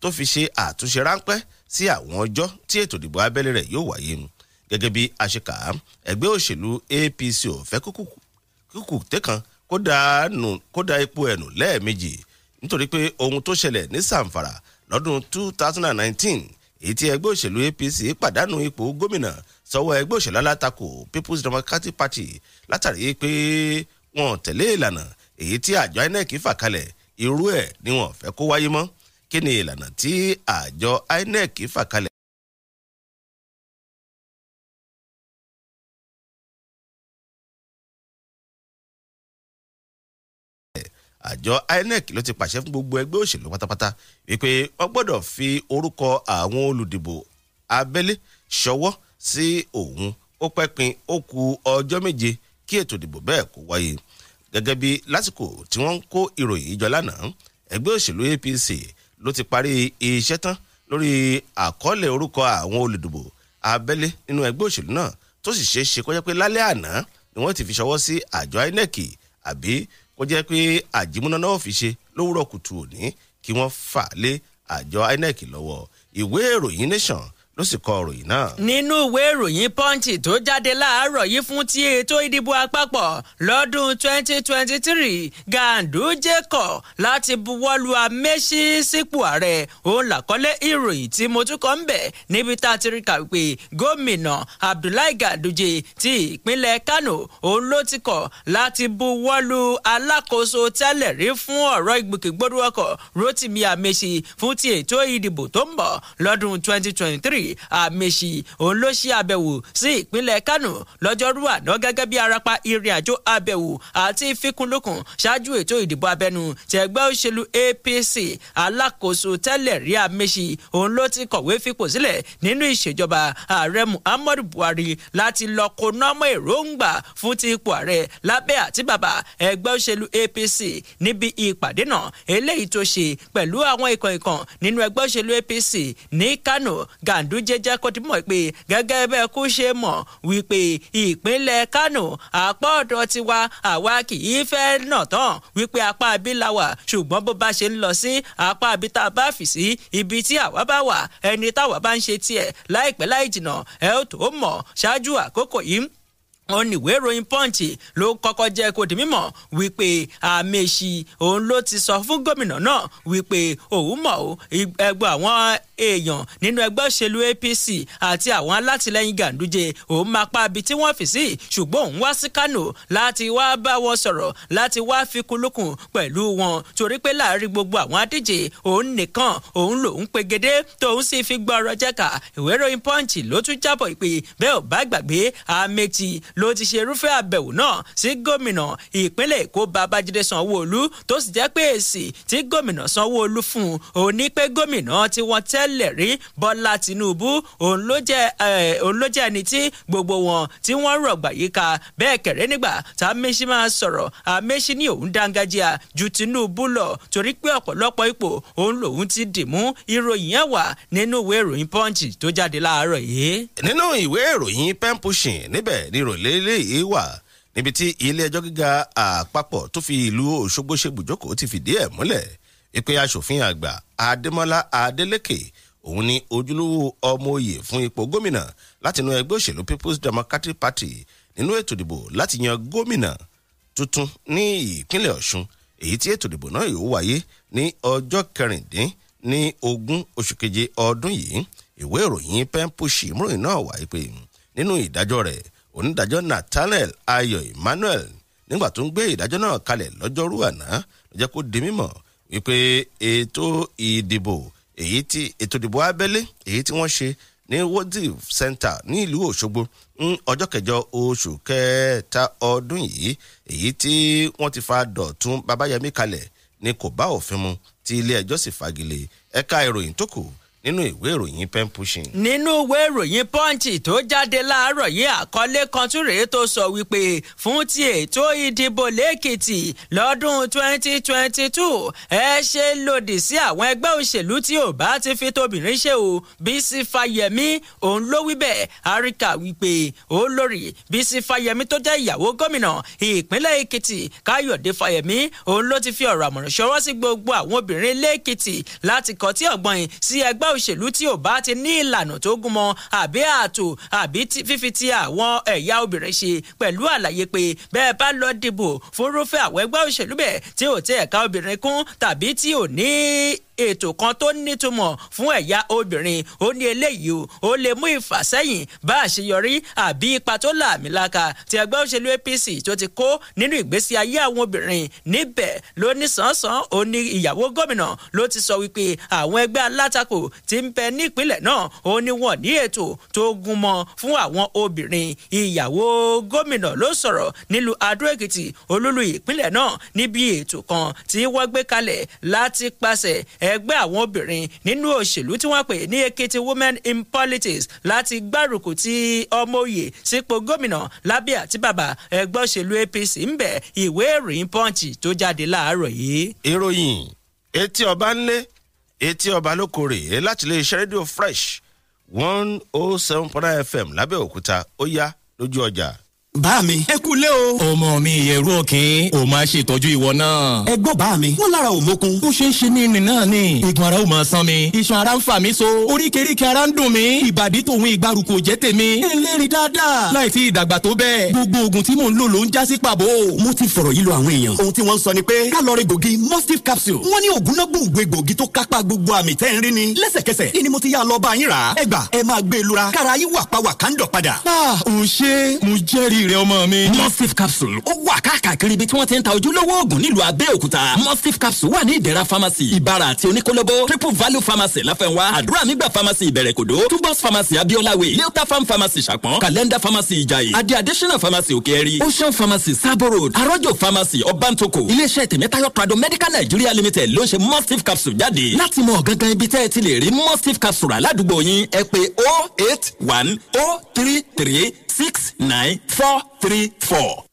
tó fi ṣe àtúnṣe ráńpẹ́ sí àwọn ọjọ́ tí ètò ìdìbò abẹ́lé rẹ̀ yóò wáyé gẹ́gẹ́ bí àṣekà ẹgbẹ́ òṣèlú APC ò fẹ́ kúkú tẹ́kan kó da ipò ẹ̀nù lẹ́ẹ̀mejì nítorí pé ohun tó ṣẹlẹ̀ ní Zamfara lọ́dún 2019 èyí tí ẹgbẹ́ òṣèlú APC pàdánù ipò gómìnà sọ́wọ́ ẹgbẹ́ òṣèlú alátakò People's Democratic Party látàrí pé wọ́n tẹ̀lé ìlànà èyí tí àjọ INEC fà kalẹ̀ irú ẹ̀ ni wọ́n fẹ́ kó wáyé mọ́ kí ni ìlànà tí àjọ INEC fà kalẹ̀. àjọ INEC ló ti pàṣẹ fún gbogbo ẹgbẹ́ òṣèlú pátápátá wípé wọ́n gbọ́dọ̀ fi orúkọ àwọn olùdìbò abẹ́lé ṣọwọ́ sí òun ó pẹ́ pin ó ku ọjọ́ méje kí ètò ìdìbò bẹ́ẹ̀ kó wáyé gẹ́gẹ́ bí lásìkò tí wọ́n ń kó ìròyìn ìjọ lánàá ẹgbẹ́ òṣèlú APC ló ti parí iṣẹ́ tán lórí àkọọ́lẹ̀ orúkọ àwọn olùdìbò abẹ́lé nínú ẹgbẹ́ òṣèlú náà tó sì ṣeé ṣe kó jẹ́ pé lálẹ́ àná ni wọ́n ti fi ṣọwọ́ sí àjọ INEC àbí kó jẹ́ pé àjìmúná náà fi ṣe lówùrọ̀ kùtù òní kí wọ́n fà lé àjọ INEC lọ́wọ́ ìwé ìròyìn nation ló sì kọ ìròyìn náà. nínú ìwé ìròyìn pọ́ǹtì tó jáde láàárọ̀ yìí fún ti ètò ìdìbò àpapọ̀ lọ́dún 2023 Ganduje kọ̀ láti buwọ́lu Amechi sípò ààrẹ òun làkọ́lé ìròyìn tí mo tún kọ́ ń bẹ̀ níbi tá a ti rí kà gómìnà Abdullahi Ganduje ti ìpínlẹ̀ Kano òun ló ti kọ̀ láti buwọ́lu alákòóso tẹ́lẹ̀ rí fún ọ̀rọ̀ ìgbòkègbodò ọkọ̀ Rotimi Amechi fún ti ètò ìdìbò tó ń bọ̀ lọ́dún 2023 Abdullahi Amechi òun ló ṣe àbẹ̀wò sí ìpínlẹ̀ Kano lọ́jọ́rú àná gẹ́gẹ́ bí arapa ìrìn àjò àbẹ̀wò àti ìfikùnlukùn ṣáájú ètò ìdìbò abẹ́nú tẹ̀gbẹ́ òṣèlú APC alákòóso tẹ́lẹ̀ rí Amechi òun ló ti kọ̀wé fipò sílẹ̀ nínú ìṣèjọba ààrẹ Muhammadu Buhari láti lọ konọ́mọ́ èròǹgbà fún ti ipò ààrẹ lábẹ́ àtìbàbà ẹgbẹ́ òṣèlú APC níbi ìpàdé náà eléyìí tó ṣe pẹ̀lú àwọn ìkànnìkan nínú ẹgbẹ́ òṣèlú APC ní Kano Gandu ìlú jẹ́jẹ́ kó ti mọ̀ pé gẹ́gẹ́ bẹ́ẹ̀ kú ṣe mọ̀ wípé ìpínlẹ̀ Kánò àpá ọ̀dọ̀ tiwa àwa kì í fẹ́ nà tán wípé apá abí ṣùgbọ́n bó bá ṣe ń lọ sí apá abí bá fì sí ibi tí àwa bá wà ẹni táwa bá ń ṣe tiẹ̀ láìpẹ́ láì jìnà ẹ tó mọ̀ ṣáájú àkókò yìí ó ní ìwé ìròyìn punch ló kọ́kọ́ jẹ́ kó di mímọ̀ wípé àmèṣì òun ló ti sọ fún gómìnà náà wípé òun mọ̀ ó ẹgbẹ́ àwọn èèyàn nínú ẹgbẹ́ òṣèlú apc àti àwọn alátìlẹyìn gàǹdújẹ òun máa pa ibi tí wọ́n fi sí ṣùgbọ́n òun wá sí kánò láti wá bá wọn sọ̀rọ̀ láti wá fi kulukùn pẹ̀lú wọn torí pé láàrin gbogbo àwọn adíje òun nìkan òun lòun pegedé tóun sì fi gbọ́ ọ̀rọ̀ jẹ́ka ìwé ìròyìn punch ló tún jábọ̀ ìpè bẹ́ẹ̀ ò bá gbàgbé àmèṣì ló ti ṣe irúfẹ́ àbẹ̀wò náà sí gómìnà ìpínlẹ̀ èkó babájídé sanwóolu tó sì jẹ́ pé èsì tí gómìnà sanwóolu fún òun ní pé gómìnà tí wọ́n tẹ́lẹ̀ rí bọ́lá tinúbú òun ló jẹ́ ẹni tí gbogbo wọn tí wọ́n rọ̀gbà yíká bẹ́ẹ̀ kẹ̀rẹ́ nígbà tá améṣí máa sọ̀rọ̀ améṣí ní òun dángájíà ju tinúbú lọ torí pé ọ̀pọ̀lọpọ̀ ipò òun lòun ti dì mú ìròyìn ẹ̀ wà nínú ìwé ìròyìn punch tó jáde láàárọ̀ yìí. nínú ìwé ìròyìn pen pushing níbẹ̀ ni ìròyìn lélẹ́yìí wà níbi tí ilé-ẹjọ́ gíga àpapọ̀ tó fi ìlú Òṣogbo ṣe bùjókòó ti fìdí ẹ̀ múlẹ̀ wípé aṣòfin àgbà Adémọ́lá Adélékè òun ni ojúlówó ọmọ oyè fún ipò gómìnà látinú ẹgbẹ́ òṣèlú People's Democratic Party nínú ètò ìdìbò láti yan gómìnà tuntun ní ìpínlẹ̀ Ọ̀ṣun èyí tí ètò ìdìbò náà yóò wáyé ní ọjọ́ kẹrìndín ní ogún oṣù keje ọdún yìí ìwé ìròyìn pen múròyìn náà wáyé pé nínú ìdájọ́ rẹ̀ onídàájọ́ nathaniel ayọ̀ emmanuel nígbà tó ń gbé ìdájọ́ náà kalẹ̀ lọ́jọ́rú àná ló jẹ́ kó di mímọ̀ wípé ètò ìdìbò èyí tí ètò ìdìbò abẹ́lé èyí tí wọ́n ṣe ní wodif center ní ìlú òṣogbo ní ọjọ́ kẹjọ oṣù kẹta ọdún yìí èyí tí wọ́n ti fa dọ̀tún babayẹmí kalẹ̀ ni kò bá òfin mu tí ilé ẹjọ́ sì fagilé ẹ̀ka ìròyìn tó kù nínú ìwé ìròyìn pen pushing. nínú ìwé ìròyìn pọ́ǹchì tó jáde láàárọ̀ yìí àkọlé kan tún rèé tó sọ wípé fún ti ètò ìdìbò lẹ́kìtì lọ́dún 2022 ẹ ṣe lòdì sí àwọn ẹgbẹ́ òṣèlú tí ò bá ti fi tóbìnrin ṣe o Bísí Fáyẹmí òun ló wí bẹ́ẹ̀ àríkà wípé olórí Bísí Fáyẹmí tó jẹ́ ìyàwó gómìnà ìpínlẹ̀ Èkìtì Káyọ̀dé Fáyẹmí òun ló ti fi ọ̀rọ̀ àmọ̀ràn ṣọwọ́ sí gbogbo àwọn obìnrin lẹ́kìtì láti kọtí ọ̀gbọ̀n sí ẹgbẹ́ òṣèlú tí ò bá ti ní ìlànà tó gúnmọ àbí ààtò àbí fífi ti àwọn ẹ̀yà obìnrin ṣe pẹ̀lú àlàyé pé bẹ́ẹ̀ bá lọ dìbò fúnrúfẹ́ àwọn òṣèlú bẹ́ẹ̀ tí ò tẹ ẹ̀ka obìnrin kún tàbí tí ò ní ètò kan tó nítumọ̀ fún ẹ̀yà obìnrin ó ní eléyìí ó lè mú ìfàsẹ́yìn bá àṣeyọrí àbí ipa tó làmìlaka ti ẹgbẹ́ òṣèlú APC tó ti kó nínú ìgbésí ayé àwọn obìnrin níbẹ̀ ló ní sánsan ó ní ìyàwó gómìnà ló ti sọ wípé àwọn ẹgbẹ́ alátakò ti ń bẹ nípìnlẹ̀ náà ó ní wọn ní ètò tó gúnmọ́ fún àwọn obìnrin ìyàwó gómìnà ló sọ̀rọ̀ nílùú Adó olúlu ìpínlẹ̀ náà níbi ètò kan tí wọ́n gbé kalẹ̀ láti pàṣẹ ẹgbẹ́ àwọn obìnrin nínú òṣèlú tí wọ́n pè ní Ekiti women in politics láti gbárùkù ti ọmọ òye sípò gómìnà lábẹ́ àti bàbá ẹgbẹ́ òṣèlú APC ń bẹ̀ ìwé ìròyìn punch tó jáde láàárọ̀ yìí. ìròyìn etí ọba ńlé etí ọba lókòrè e láti lè ṣe rédíò fresh one oh seven point nine fm lábẹ́òkúta ó yá lójú ọjà bá mi. ẹ kú o. ọmọ mi ìyẹ̀rú òkín o máa ṣètọ́jú ìwọ náà. ẹ gbọ́ bá mi. wọ́n lára ò mókun. ó ṣeé ṣe ní ìrìn náà ni. igun ara ò máa san mi. iṣan ara ń fà mí so. oríkèéríkèé ara ń dùn mí. ìbàdí tòun ìgbàrúkọ jẹ́ tèmi. ẹlẹ́rìí dáadáa. láì tí ìdàgbà tó bẹ́ẹ̀. gbogbo oògùn tí mò ń lò ló ń já sí pàbó. mo ti fọ̀rọ̀ yí lọ àwọn èèyàn. ohun tí wọ́n sọ ni pé kálọ̀rì gògì capsule. wọ́n ní oògùn náà gbòǹgbò egbògi tó kápá rí ni. lẹ́sẹ̀kẹsẹ̀ ni mo ti yá lọ bá yín e lura. kára yín wà pa ah ò ṣe rẹ ọmọ mi. mustif capsule ó wà káàkiri ibi tí wọ́n ti ń ta ojúlówó oògùn nílùú abẹ́òkúta mustif capsule wà ní ìdẹ̀ra pharmacy ìbàrà àti oníkólóbó triple value pharmacy láfẹ́nwá àdúrà nígbà pharmacy ìbẹ̀rẹ̀kòdó tubos pharmacy abiolawe leota farm pharmacy ṣàpọ̀n calendar pharmacy ìjàyè adi additional pharmacy òkèèrè ocean pharmacy sabo road arọ́jọ pharmacy ọbántoko iléeṣẹ́ tèmítáyọ̀ prado medical nigeria limited ló ń ṣe mustif capsule jáde láti mọ gangan ibi tẹ́ ẹ ti lè rí mustif capsule aládùúgbò yín ẹ pé 08103 three 69434.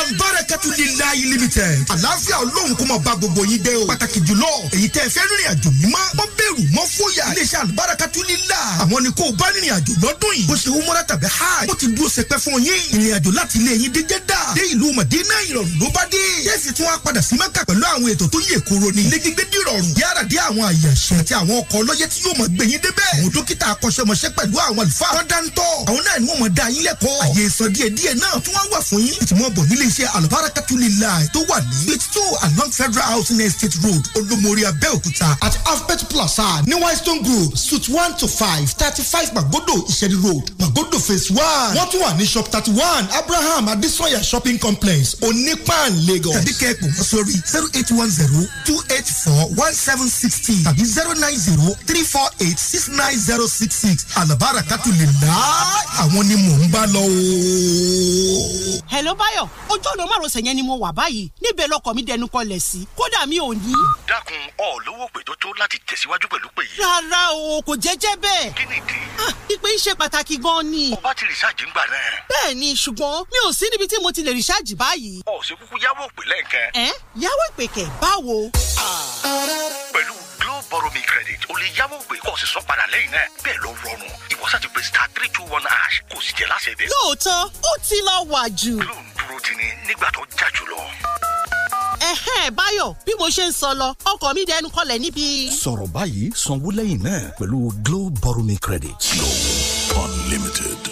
abarakatu lilayi limited àlàáfíà olóhùn kó máa bá gbogbo yín dé o pàtàkì jùlọ èyí tẹ́ fẹ́ rìnrìn àjò mímọ́ mọ́ bẹ̀rù mọ́ fòyà iléeṣẹ́ abarakatu lila àwọn ni kò bá rìnrìn àjò lọ́dún yìí bó ṣe wú mọ́ra tàbí hajj wọ́n ti dúró sẹpẹ́ fún yín ìrìn àjò láti ilé yín dé Jẹ́dà dé ìlú Mọ̀dínà ìrọ̀rùn ló bá dé yẹ́sì tún wá padà sí Mẹ́kà pẹ̀lú àwọn ètò tó yè koro ni ilé gbígbé dìrọ̀rùn yára dé àwọn àyànṣe àti àwọn ọkọ̀ ọlọ́yẹ tí yóò mọ̀ gbé yín débẹ̀ àwọn dókítà akọ́ṣẹ́mọṣẹ́ pẹ̀lú àwọn àlùfáà wọn dáńtọ́ àwọn náà ni wọ́n mọ̀ dá yín lẹ́kọ̀ọ́ àyè ìsọdíẹ̀díẹ̀ náà tún wá wà fún yín ìtìmọ̀ bọ̀ níl iléeṣẹ́ alubarakatulila tó wà ní eight two along federal housing estate road olomori abeokuta at alphabet plaza ní whitestone group suite one to five thirty five magodo ìṣẹ́ni road magodo phase one wọ́n tún wà ní shop thirty one abraham adesanya shopping complex onípan lagos tàbí kẹ́ẹ̀pù wọ́n sórí zero eight one zero two eight four one seven sixteen tàbí zero nine zero three four eight six nine zero six six alubarakatulila àwọn ni mò ń bá lọ o. hello bayo ojú ọ̀nà márosẹ̀ yẹn ni mo wà báyìí níbẹ̀ lọkọ̀ mi dẹnu kọlẹ̀ sí kódà mi ò ní. dákun ọ lówó pé tó tó láti tẹ̀síwájú pẹ̀lú pé yìí. rárá o kò jẹ́jẹ́ bẹ́ẹ̀. kí ni ìdí. Ah, ìpè ń ṣe pàtàkì gan-an ni. o bá ti rìsáàjì ń gbà náà. bẹ́ẹ̀ ni ṣùgbọ́n mi ò sí níbi tí mo ti lè rìsáàjì báyìí. ọ̀ ṣe kúkú yáwó ìpè lẹ́ǹkan. ẹ yáwó ìpè kẹ̀ báwo. Ah, pẹ̀lú borrow me credit o lè yáwó gbé kó o sì san padà lẹ́yìn náà bẹ́ẹ̀ ló rọrùn ìwọ sá ti pè star three two one ash kó sì jẹ́ láṣẹ bẹ́ẹ̀. lóòótọ́ ó ti lọ wà jù. lóun dúró ti ni nígbà tó jà jù lọ báyọ̀ bí mo ṣe ń sọ lọ ọkọ̀ mi dẹnu kọlẹ̀ níbí. sọ̀rọ̀ báyìí sanwó lẹ́yìn náà pẹ̀lú Glo Borrow Me Credit. Glo Unlimited.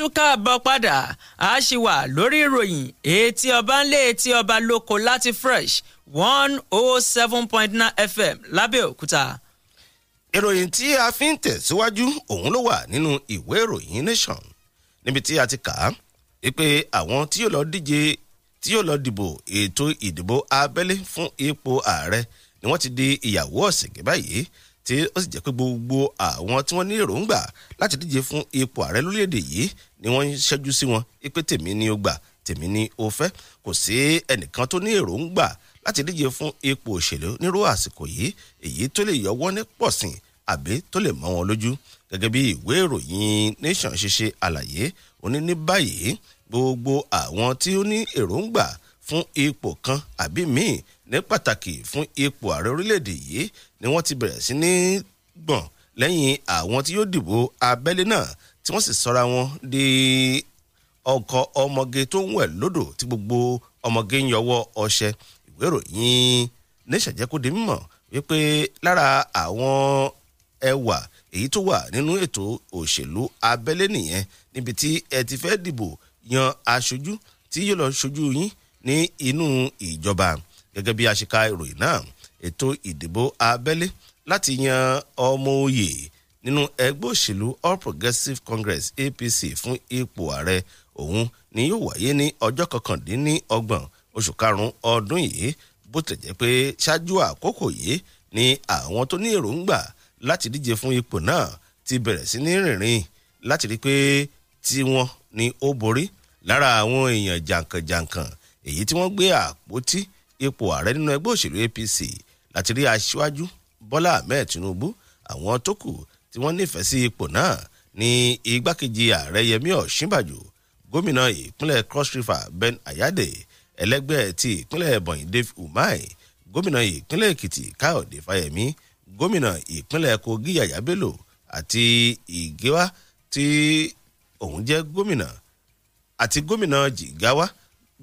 tún káàbọ̀ padà a ṣì wà lórí ìròyìn etí ọba ń lé etí ọba lóko láti fresh one oh seven point nine fm lábẹ́òkúta. ìròyìn tí a fi ń tẹ̀síwájú òun ló wà nínú ìwé ìròyìn nation níbi tí a ti kà á pé àwọn tí yóò lọ díje tí yóò lọ dìbò ètò ìdìbò abẹ́lé fún ipò ààrẹ ni wọ́n ti di ìyàwó ọ̀sìnkì báyìí tí ó sì jẹ́ pé gbogbo àwọn tí wọ́n ní èròǹgbà láti díje fún ipò ààrẹ lórílẹ̀‐èdè yìí ni wọ́n ń ṣẹ́jú sí wọn pé tèmi ni ó gbà tèmi ni ó fẹ́ kò sí ẹnìkan tó ní èròǹgbà láti díje fún ipò òṣèlú nírú àsìkò yìí èyí tó lè yọwọ́ ní pọ̀sìn àbí tó lè mọ́ wọn lójú gẹ́gẹ́ bí ìwé ìròyìn nation ṣe ṣe àlàyé òní ní báyìí gbogbo àwọn tí ó ní èròǹgbà fún ipò kan àbí míì ní pàtàkì fún ipò ààrẹ orílẹ̀-èdè yìí ni wọ́n ti bẹ̀rẹ̀ sí ní gbọ̀n lẹ́yìn àwọn tí yóò dìbò abẹ́lé náà tí wọ́n sì sọra wọn di ọkọ ọmọge tó ń wẹ̀ lódò tí gbogbo ọmọge ń yọwọ́ ọṣẹ ìwé ìròyìn nation jẹ́ kó di mímọ̀ wípé lára àwọn ẹwà èyí tó wà nínú ètò òṣèlú abẹ́lé nìyẹn níbi tí ẹ ti fẹ́ dìbò yan aṣojú tí yóò lọ ṣojú yín ní inú ìjọba gẹ́gẹ́ bí a ìròyìn náà ètò ìdìbò abẹ́lé láti yan ọmọ òye nínú ẹgbẹ́ òṣèlú all progressives congress apc fún ipò ààrẹ òun ni yóò wáyé ní ọjọ́ kọkàndínlọ́gbọ̀n oṣù karùn-ún ọdún yìí bó tilẹ̀ jẹ́ pé ṣáájú àkókò yìí ni àwọn tó ní èròǹgbà láti díje fún ipò náà ti bẹ̀rẹ̀ sí ní rìnrìn láti rí i pé tiwọn ni ó borí lára àwọn èèyàn jàǹkànjàǹkàn èyí tí wọ́n gbé àpótí ipò ààrẹ nínú ẹgbẹ́ òṣèlú apc láti rí aṣíwájú bọ́lá ahmed tinubu àwọn tó kù tí wọ́n nífẹ̀ẹ́ sí ipò náà ní igbákejì ààrẹ yẹmí ọ̀ṣínbàjò gómìnà ìpínlẹ̀ cross river ben ayade ẹlẹ́gbẹ́ ti ìpínlẹ̀ ebonyi dave umai gómìnà ìpínlẹ̀ èkìtì káyọ̀dé fáyẹmí gómìnà ìpínlẹ̀ kogi yàyà bello àti ìgéwá tí òun jẹ́ gómìnà àti gómìnà jigawa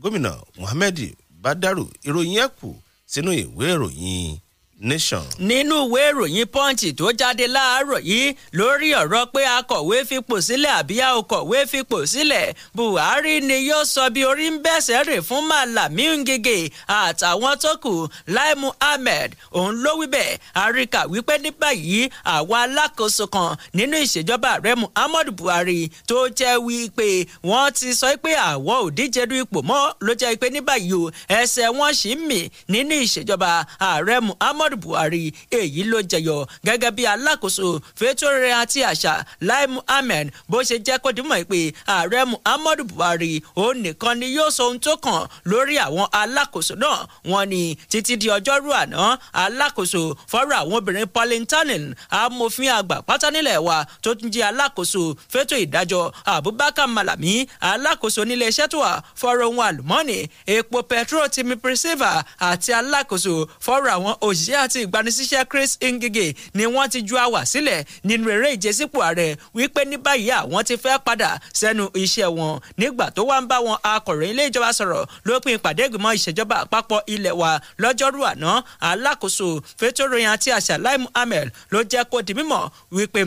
gómìnà muhammed badaru ìròyìn ẹ̀ kù sínú ìwé ìròyìn nation. nínú ìwé ìròyìn pọ́ǹchì tó jáde láàárọ̀ yìí lórí ọ̀rọ̀ pé akọ̀wé fipò sílẹ̀ àbí a ò kọ̀wé fipò sílẹ̀ buhari ni yóò sọ bí orí ń bẹ̀sẹ̀ rè fún malami ngige àtàwọn tó kù lai muhammed òun ló wí bẹ́ẹ̀ àríkà wípé ní báyìí àwọn alákòóso kan nínú ìṣèjọba ààrẹ muhammadu buhari tó jẹ́ wípé wọ́n ti sọ pé àwọ̀ ò díje du ipò mọ́ ló jẹ́ pé ní báyìí ẹsẹ̀ wọn ṣì ń mì nínú ìṣèjọba ààrẹ muhammadu muhammadu buhari èyí ló jẹyọ gẹ́gẹ́ bí alákòóso fẹ́tò rẹ̀ àti àṣà lai muhammed bó ṣe jẹ́ kó dìmọ̀ pé ààrẹ muhammadu buhari òun nìkan ni yóò sọ ohun tó kàn lórí àwọn alákòóso náà wọ́n ní títí di ọjọ́rú àná alákòóso fọ́rọ̀ àwọn obìnrin pauline tanin amòfin àgbà pátá nílẹ̀ wa tó tún jẹ́ alákòóso fẹ́tò ìdájọ́ abubakar malami alákòóso níléeṣẹ́ tó wà fọ́rọ̀ ohun àlùmọ́ọ́nì epo petro timi priseva àti alákòóso fọ́rọ̀ àwọn òṣìṣẹ́ Nàìjíríà àti ìgbanisíṣẹ́ Chris Ngige ni wọ́n ti ju àwà sílẹ̀ nínú eré ìjẹsípò ààrẹ wípé ní báyìí àwọn ti fẹ́ padà sẹ́nu iṣẹ́ wọn nígbà tó wá ń bá wọn akọ̀ròyìn ilé ìjọba sọ̀rọ̀ lópin ìpàdé ìgbìmọ̀ ìṣèjọba àpapọ̀ ilẹ̀ wa lọ́jọ́rú àná alákòóso fẹ́tọ́ròyìn àti àṣà Lai Muhammed ló jẹ́ kó di mímọ̀ wípé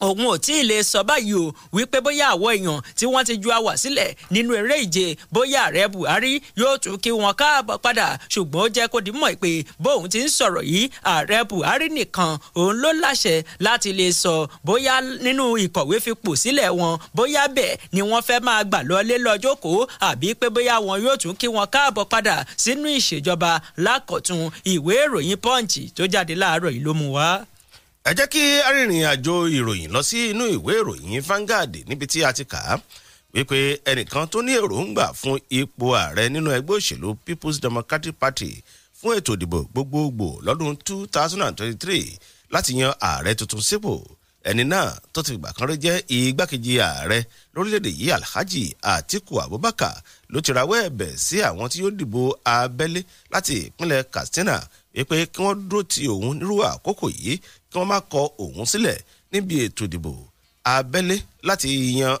òun ò tí ì lè sọ báyìí o wípé bóyá àwọn èèyàn tí wọ́n ti ju àwà sílẹ̀ nínú eré ìje bóyá ààrẹ Buhari yóò tún kí wọn káàbọ̀ padà ṣùgbọ́n ó jẹ́ kó di mọ̀ pé bóun ti ń sọ̀rọ̀ yìí ààrẹ Buhari nìkan òun ló láṣẹ láti lè sọ bóyá nínú ìkọ̀wé fipò sílẹ̀ wọn bóyá bẹ́ẹ̀ ni wọ́n fẹ́ máa gbà lọlé lọ́jọ́ kó àbí pé bóyá wọn yóò tún kí wọn káàbọ̀ padà sínú ìṣèjọba lákọ̀tún ìwé ìròyìn Punch tó jáde láàárọ̀ yìí ló mú wá ẹ jẹ́ kí arìnrìn àjò ìròyìn lọ sí inú ìwé ìròyìn Vanguard níbi tí a ti kà á wípé ẹnìkan tó ní èròǹgbà fún ipò ààrẹ nínú ẹgbẹ́ òṣèlú People's Democratic Party fún ètò ìdìbò gbogbogbò lọ́dún 2023 láti yan ààrẹ tuntun sípò ẹni náà tó ti gbà kan rí jẹ́ igbákejì ààrẹ lórílẹ̀‐èdè yìí Alhaji Atiku Abubakar ló ti rawọ́ ẹ̀bẹ̀ sí àwọn tí yóò dìbò abẹ́lé láti ìpínlẹ̀ Katsina wípé kí wọ́n dúró ti òun nírú àkókò yìí kí wọ́n má kọ òun sílẹ̀ níbi ètò ìdìbò abẹ́lé láti yan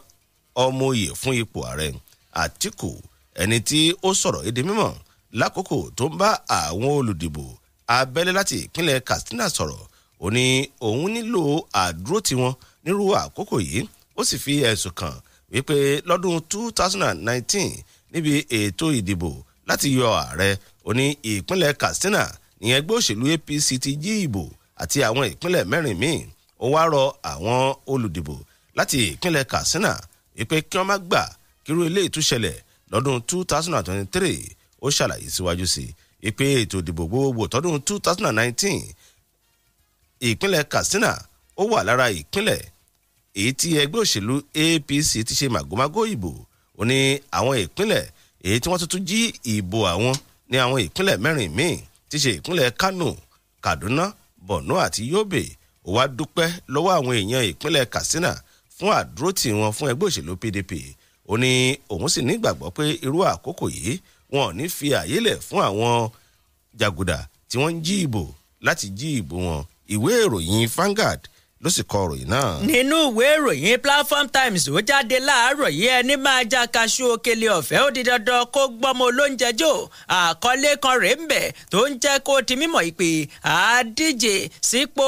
ọmọ oyè fún ipò ààrẹ àtìkù ẹni tí ó sọ̀rọ̀ èdè mímọ̀ lákòókò tó ń bá àwọn olùdìbò abẹ́lé láti ìpínlẹ̀ katsina sọ̀rọ̀ ó ní òun nílò àdúró tiwọn nírú àkókò yìí ó sì fi ẹ̀sùn kàn wípé lọ́dún 2019 níbi ètò ìdìbò láti yọ ààrẹ ó ní ìpínlẹ̀ katsina ní ẹgbẹ́ òṣèlú apc ti jí ìbò àti àwọn ìpínlẹ̀ mẹ́rin míì ó wá rọ àwọn olùdìbò láti ìpínlẹ̀ Katsina wípé kí wọ́n má gbà kírú ilé ìtúsẹ̀lẹ̀ lọ́dún 2023 ó ṣàlàyé síwájú sí wípé ètò ìdìbò gbogbogbò tọdún 2019 ìpínlẹ̀ Katsina ó wà lára ìpínlẹ̀ èyí tí ẹgbẹ́ òṣèlú APC ti ṣe màgòmágó ìbò ó ní àwọn ìpínlẹ̀ èyí tí wọ́n tuntun jí ìbò àwọn ní àwọn ìpínlẹ̀ mẹ́rin míì ti ṣe ìpínlẹ̀ Kano Kaduna borno àti yobe ó wá dúpẹ́ lọ́wọ́ àwọn èèyàn ìpínlẹ̀ katsina fún àdúrótì wọn fún ẹgbẹ́ òṣèlú pdp ó ní òun sì nígbàgbọ́ pé irú àkókò yìí wọn ò ní fi àyè lẹ̀ fún àwọn jàgùdà tí wọ́n ń jí ìbò láti jí ìbò wọn ìwé ìròyìn Vanguard ló sì kọ ròyìn náà. nínú ìwé ìròyìn platform times ó jáde láàárọ̀ yìí ẹni máa já kaṣú òkèlè ọ̀fẹ́ ó di dandan kó gbọ́mọ olóúnjẹ jò àkọlé kan rèé ń bẹ̀ tó ń jẹ́ kó ti mímọ̀ ìpè àdíje sípò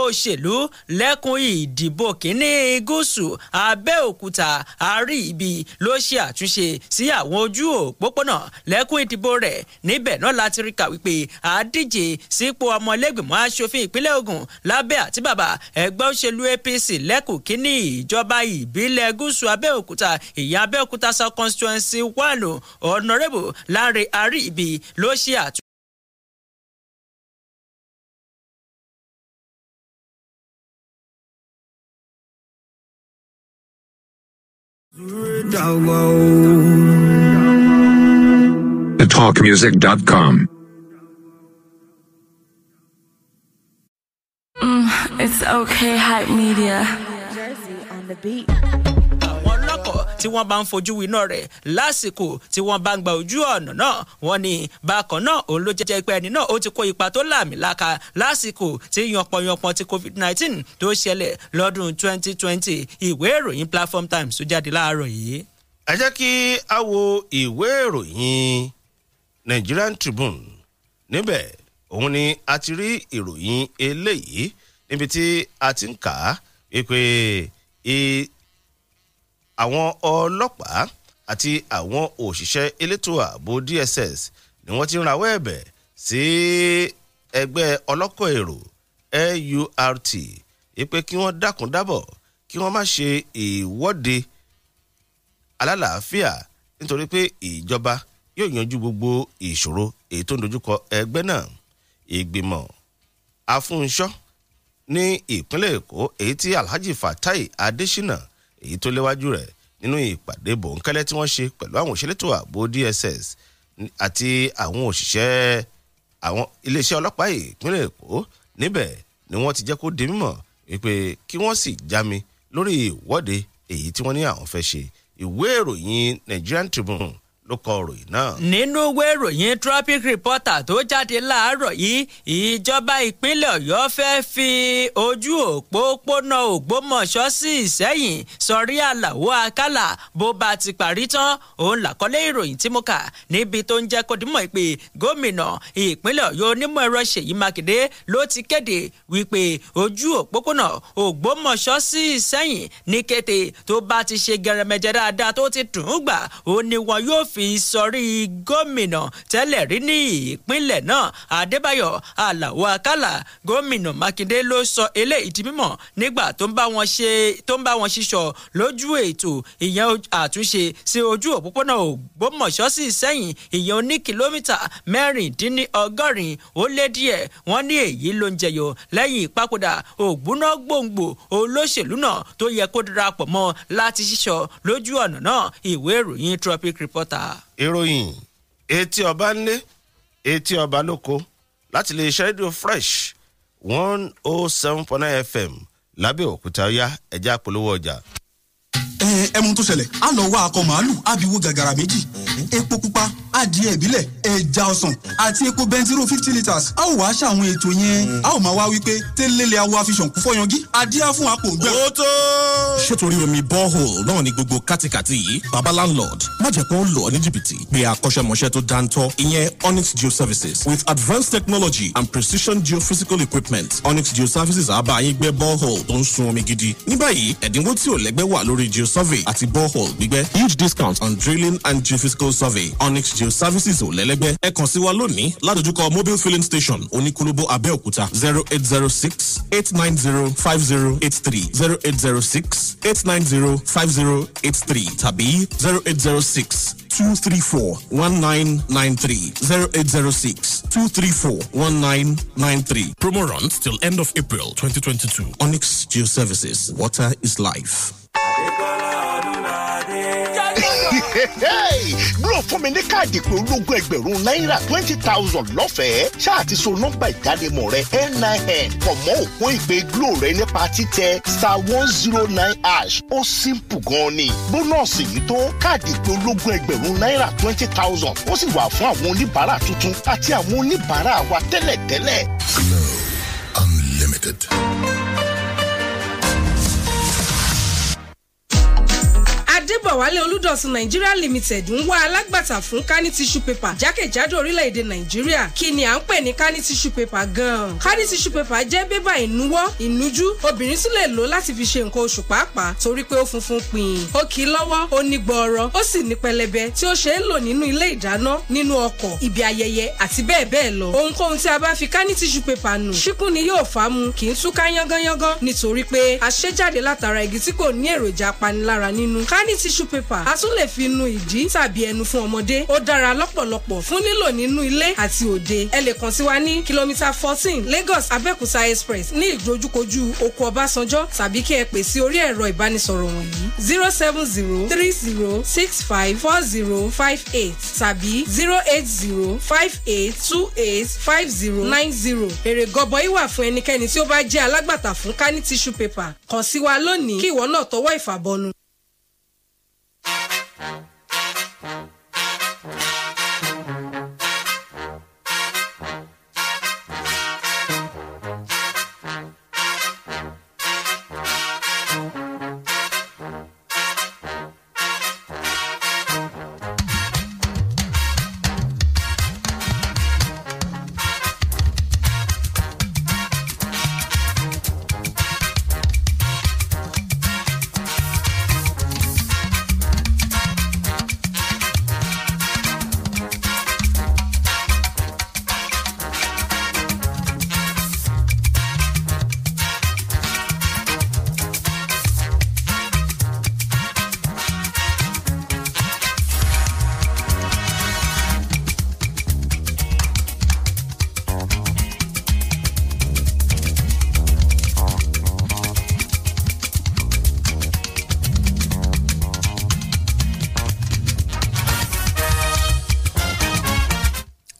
òṣèlú lẹ́kùn ìdìbò kínní gúúsù abẹ́òkúta àárí ibi ló ṣe àtúnṣe sí àwọn ojú òpópónà lẹ́kùn ìdìbò rẹ̀ níbẹ̀ náà láti rí kà wípé àdíje sípò ọmọlẹ́gbìmọ̀ ẹgbẹ́ òṣèlú APC lẹ́kùn kínní ìjọba ìbílẹ̀ gúúsù Abẹ́òkúta ìyá Abẹ́òkúta South constituency one ọ̀nàrẹ́bù Lánrè Àríbì ló ṣe àtúntò. TheTalkMusic.com Mm, it's okay, hype media. àwọn ọlọ́kọ̀ tí wọ́n bá ń fojú winá rẹ̀ lásìkò tí wọ́n bá ń gba ojú ọ̀nà náà wọ́n ní bákan náà òun ló jẹ́ pé ẹni náà ó ti kó ipa tó làmìlaka lásìkò tí yanpọ̀yanpọ̀ ti covid-19 tó ṣẹlẹ̀ lọ́dún 2020 ìwé ìròyìn platform times tó jáde láàárọ̀ yìí. ẹ jẹ́ kí a wo ìwé ìròyìn Nigerian Tribune níbẹ̀ òun ni a ti rí ìròyìn eléyìí níbi tí a ti ń kà á wípé àwọn ọlọ́pàá àti àwọn òṣìṣẹ́ elétò ààbò DSS ni wọ́n ti ń rawọ́ ẹ̀bẹ̀ sí ẹgbẹ́ ọlọ́kọ̀ èrò LURT wípé kí wọ́n dákun dábọ̀ kí wọ́n má ṣe ìwọ́de alálàáfíà nítorí pé ìjọba yóò yanjú gbogbo ìṣòro èyí tó ń dojúkọ ẹgbẹ́ náà ìgbìmọ̀ afúnṣọ́ ní ìpínlẹ̀ èkó èyí tí alhaji fatai adesina èyí tó léwájú rẹ̀ nínú ìpàdé bòńkẹ́lẹ́ tí wọ́n ṣe pẹ̀lú àwọn òṣèlétò ààbò dss àti àwọn òṣìṣẹ́ àwọn iléeṣẹ́ ọlọ́pàá ìpínlẹ̀ èkó níbẹ̀ ni wọ́n ti jẹ́ kó di mímọ̀ wípé kí wọ́n sì já lórí ìwọ́de èyí tí wọ́n ní àwọn fẹ́ ṣe ìwé ìròyìn Nigerian Tribune ló kọ ròyìn náà. nínú ìwé ìròyìn traffic reporter tó jáde láàárọ̀ yìí ìjọba ìpínlẹ̀ ọ̀yọ́ fẹ́ fi ojú òpópónà ògbómọ̀ṣọ́ sí ìsẹ́yìn sọrí àlàó àkàlà bó bá ti parí tán òun làkọ́lé ìròyìn tí mo kà níbi tó ń jẹ́ kó dìmọ̀ pé gómìnà ìpínlẹ̀ ọ̀yọ́ onímọ̀ ẹ̀rọ ṣèyí mákindé ló ti kéde wípé ojú òpópónà ògbómọ̀ṣọ́ sí ìsẹ́yìn ní kété tó bá ti ṣe gẹrẹmẹjẹ dáadáa tó ti dùn ún gbà ó ní wọn yóò fi sọrí gómìnà tẹ́lẹ̀ rí ní ìpínlẹ̀ náà Adébáyọ̀ Àlàó Àkàlà gómìnà Mákindé ló sọ eléyìí di mímọ̀ nígbà tó ń bá wọn ṣe tó ń bá wọn ṣiṣọ́ lójú ètò ìyẹn àtúnṣe sí ojú òpópónà Ògbómọ̀ṣọ́ sí Ìṣẹ̀yìn ìyẹn oní kìlómítà mẹ́rìndínlọ́gọ́rin ó lé díẹ̀ wọ́n ní èyí ló ń jẹyọ lẹ́yìn ìpapòdà ògbúná gbòǹgbò olóṣèlú náà tó yẹ kó darapọ̀ mọ́ láti ṣiṣọ́ lójú ọ̀nà náà ìwé ìròyìn tropic reporter ìròyìn etí ọba ńlé etí ọba lóko láti lè ṣe rédíò fresh one oh seven point nine fm lábẹ́òkúta ọ̀yá ẹ̀já polówó ọjà ẹmu tó ṣẹlẹ̀ a lọ wá akọ màálù abiwo gàgàrà méjì epo pupa adìẹ ìbílẹ̀ ẹja ọsàn àti epo bẹntiró fifty litres a ó wá ṣàwọn ètò yẹn a ó máa wá wípé télélẹ̀ awo àfihàn kú fọyangí adíá fún apò ògbẹ́. ó tó. ṣètòrí omi borehole náà ni gbogbo kátikàti yìí baba landlord má lọ ní jìbìtì pé akọ́ṣẹ́mọṣẹ́ tó dáńtọ́ ìyẹn onyx geoservices with advanced technology and precision geophysical equipment onyx geoservices á bá yín gbẹ́ borehole tó ń sun omi gidi ní báyìí ẹ̀dínwó tí ò lẹ́gbẹ́ wà lórí geoservices survey àti borehole gbígbẹ́ huge discount on drilling and geophysical survey onyx geo services ò lẹ́lẹ́gbẹ́ ẹ kàn sí wa lónìí ládojúkọ mobile filling station oníkólóbó abẹ́òkúta zero eight zero six eight nine zero five zero eight zero eight zero six two three four one nine nine three zero eight zero six two three four one nine nine three zero six eight nine zero five zero eight three tàbí zero eight zero six. 234-1993-0806-234-1993. Promo runs till end of April 2022. Onyx Geo Services. Water is life. Glo fún mi ní káàdì pé ológun ẹgbẹ̀rún náírà twenty thousand lọ́fẹ̀ẹ́ ṣáà ti so nọ́mbà ìdánimọ̀ rẹ NIN pọ̀ mọ́ òpó ìpè Glo rẹ nípa títẹ star one zero nine hash ó simple gan ni bónọ́ọ̀sì yìí tó káàdì pé ológun ẹgbẹ̀rún náírà twenty thousand ó sì wà fún àwọn oníbàárà tuntun àti àwọn oníbàárà wa tẹ́lẹ̀tẹ́lẹ̀. Glo Unlimited. adébọ̀wálé olùdọ̀sùn nigeria limited ń wá alágbàtà fún kani tissue paper jákèjádò orílẹ̀-èdè nàìjíríà kí ni à ń pè ní kani tissue paper gan-an kani tissue paper jẹ́ bébà ìnuwọ́ ìnujú obìnrin tún lè lò láti fi ṣe nǹkan oṣù pàápàá torí pé ó funfun pin ó kì í lọ́wọ́ ó ní gbọ́ọ̀rọ̀ ó sì ní pẹlẹbẹ tí ó ṣe é lò nínú ilé ìdáná nínú ọkọ̀ ibi ayẹyẹ àti bẹ́ẹ̀ bẹ́ẹ̀ lọ ohunkóhun tí a bá fi kani tissue paper nù ṣíkún ni yóò fà á mu kì í túká yángányángán nítorí pé àṣejáde látara igi tí kò ní èròjà apanilára nínú kani tíṣù pépà a tún lè fi nu ìdí tàbí ẹnu fún ọmọdé ó dára lọ́pọ̀lọpọ̀ fún lílò nínú ilé àti òde ẹ lè kàn sí wa ní kìlómítà fourteen Lagos Abẹ́òkúta express ní ìdójúkojú oko Ọbásanjọ́ tàbí kí ẹ pè sí orí ẹ̀rọ ìbánisọ̀rọ̀ wọ̀nyí zero seven zero three zero six five four zero five eight tàbí zero eight zero five eight two eight five zero nine zero èrè gọbọi wà fún ẹnikẹ́ni tí ó bá jẹ́ alágbàtà fún kání tíṣù pépà kàn sí wa lónìí kí ìwọ náà tọwọ́ ìfàbọnu. Bye.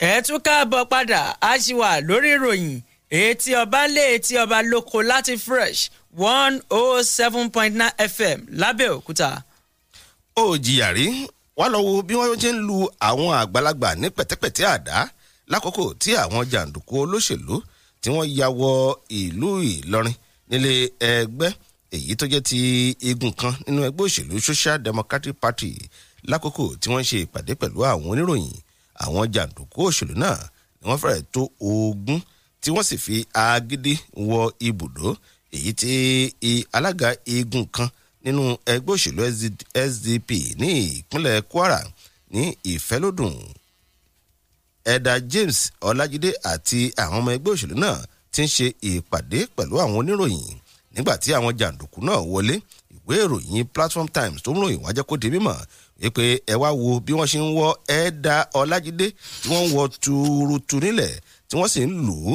ẹ tún káàbọ̀ padà a ṣì wà lórí ìròyìn etí ọba lé etí ọba lóko láti fresh one oh seven point nine fm lábẹ́òkúta. ó jìyà rí wá lọ wo bí wọ́n ṣe ń lu àwọn àgbàlagbà ní pẹ̀tẹ́pẹ̀tẹ́ àdá lákòókò tí àwọn jàǹdùkú olóṣèlú tí wọ́n ya wọ ìlú ìlọrin nílé ẹgbẹ́ èyí tó jẹ́ ti igun kan nínú ẹgbẹ́ òṣèlú social democratic party lákòókò tí wọ́n ń ṣe ìpàdé pẹ̀lú àwọn oníròyìn àwọn jàǹdùkú òṣèlú náà ni wọ́n fẹ́rẹ̀ tó ogún tí wọ́n sì fi agídí wọ ibùdó èyí tí alága igun kan nínú ẹgbẹ́ òṣèlú SDP ní ìpínlẹ̀ Kwara ní ìfẹ́lódùn ẹ̀dà James Ọlájídé àti àwọn ọmọ ẹgbẹ́ òṣèlú náà ti ń ṣe ìpàdé pẹ̀lú àwọn oníròyìn nígbà tí àwọn jàǹdùkú náà wọlé ìwé ìròyìn Platform Times tó ń ròyìn wá kó di mímọ̀ wípé ẹ wá wo bí wọ́n ṣe ń wọ́ ẹ̀ẹ́dà ọlájídé tí wọ́n ń wọ tuurutu nílẹ̀ tí wọ́n sì ń lù ú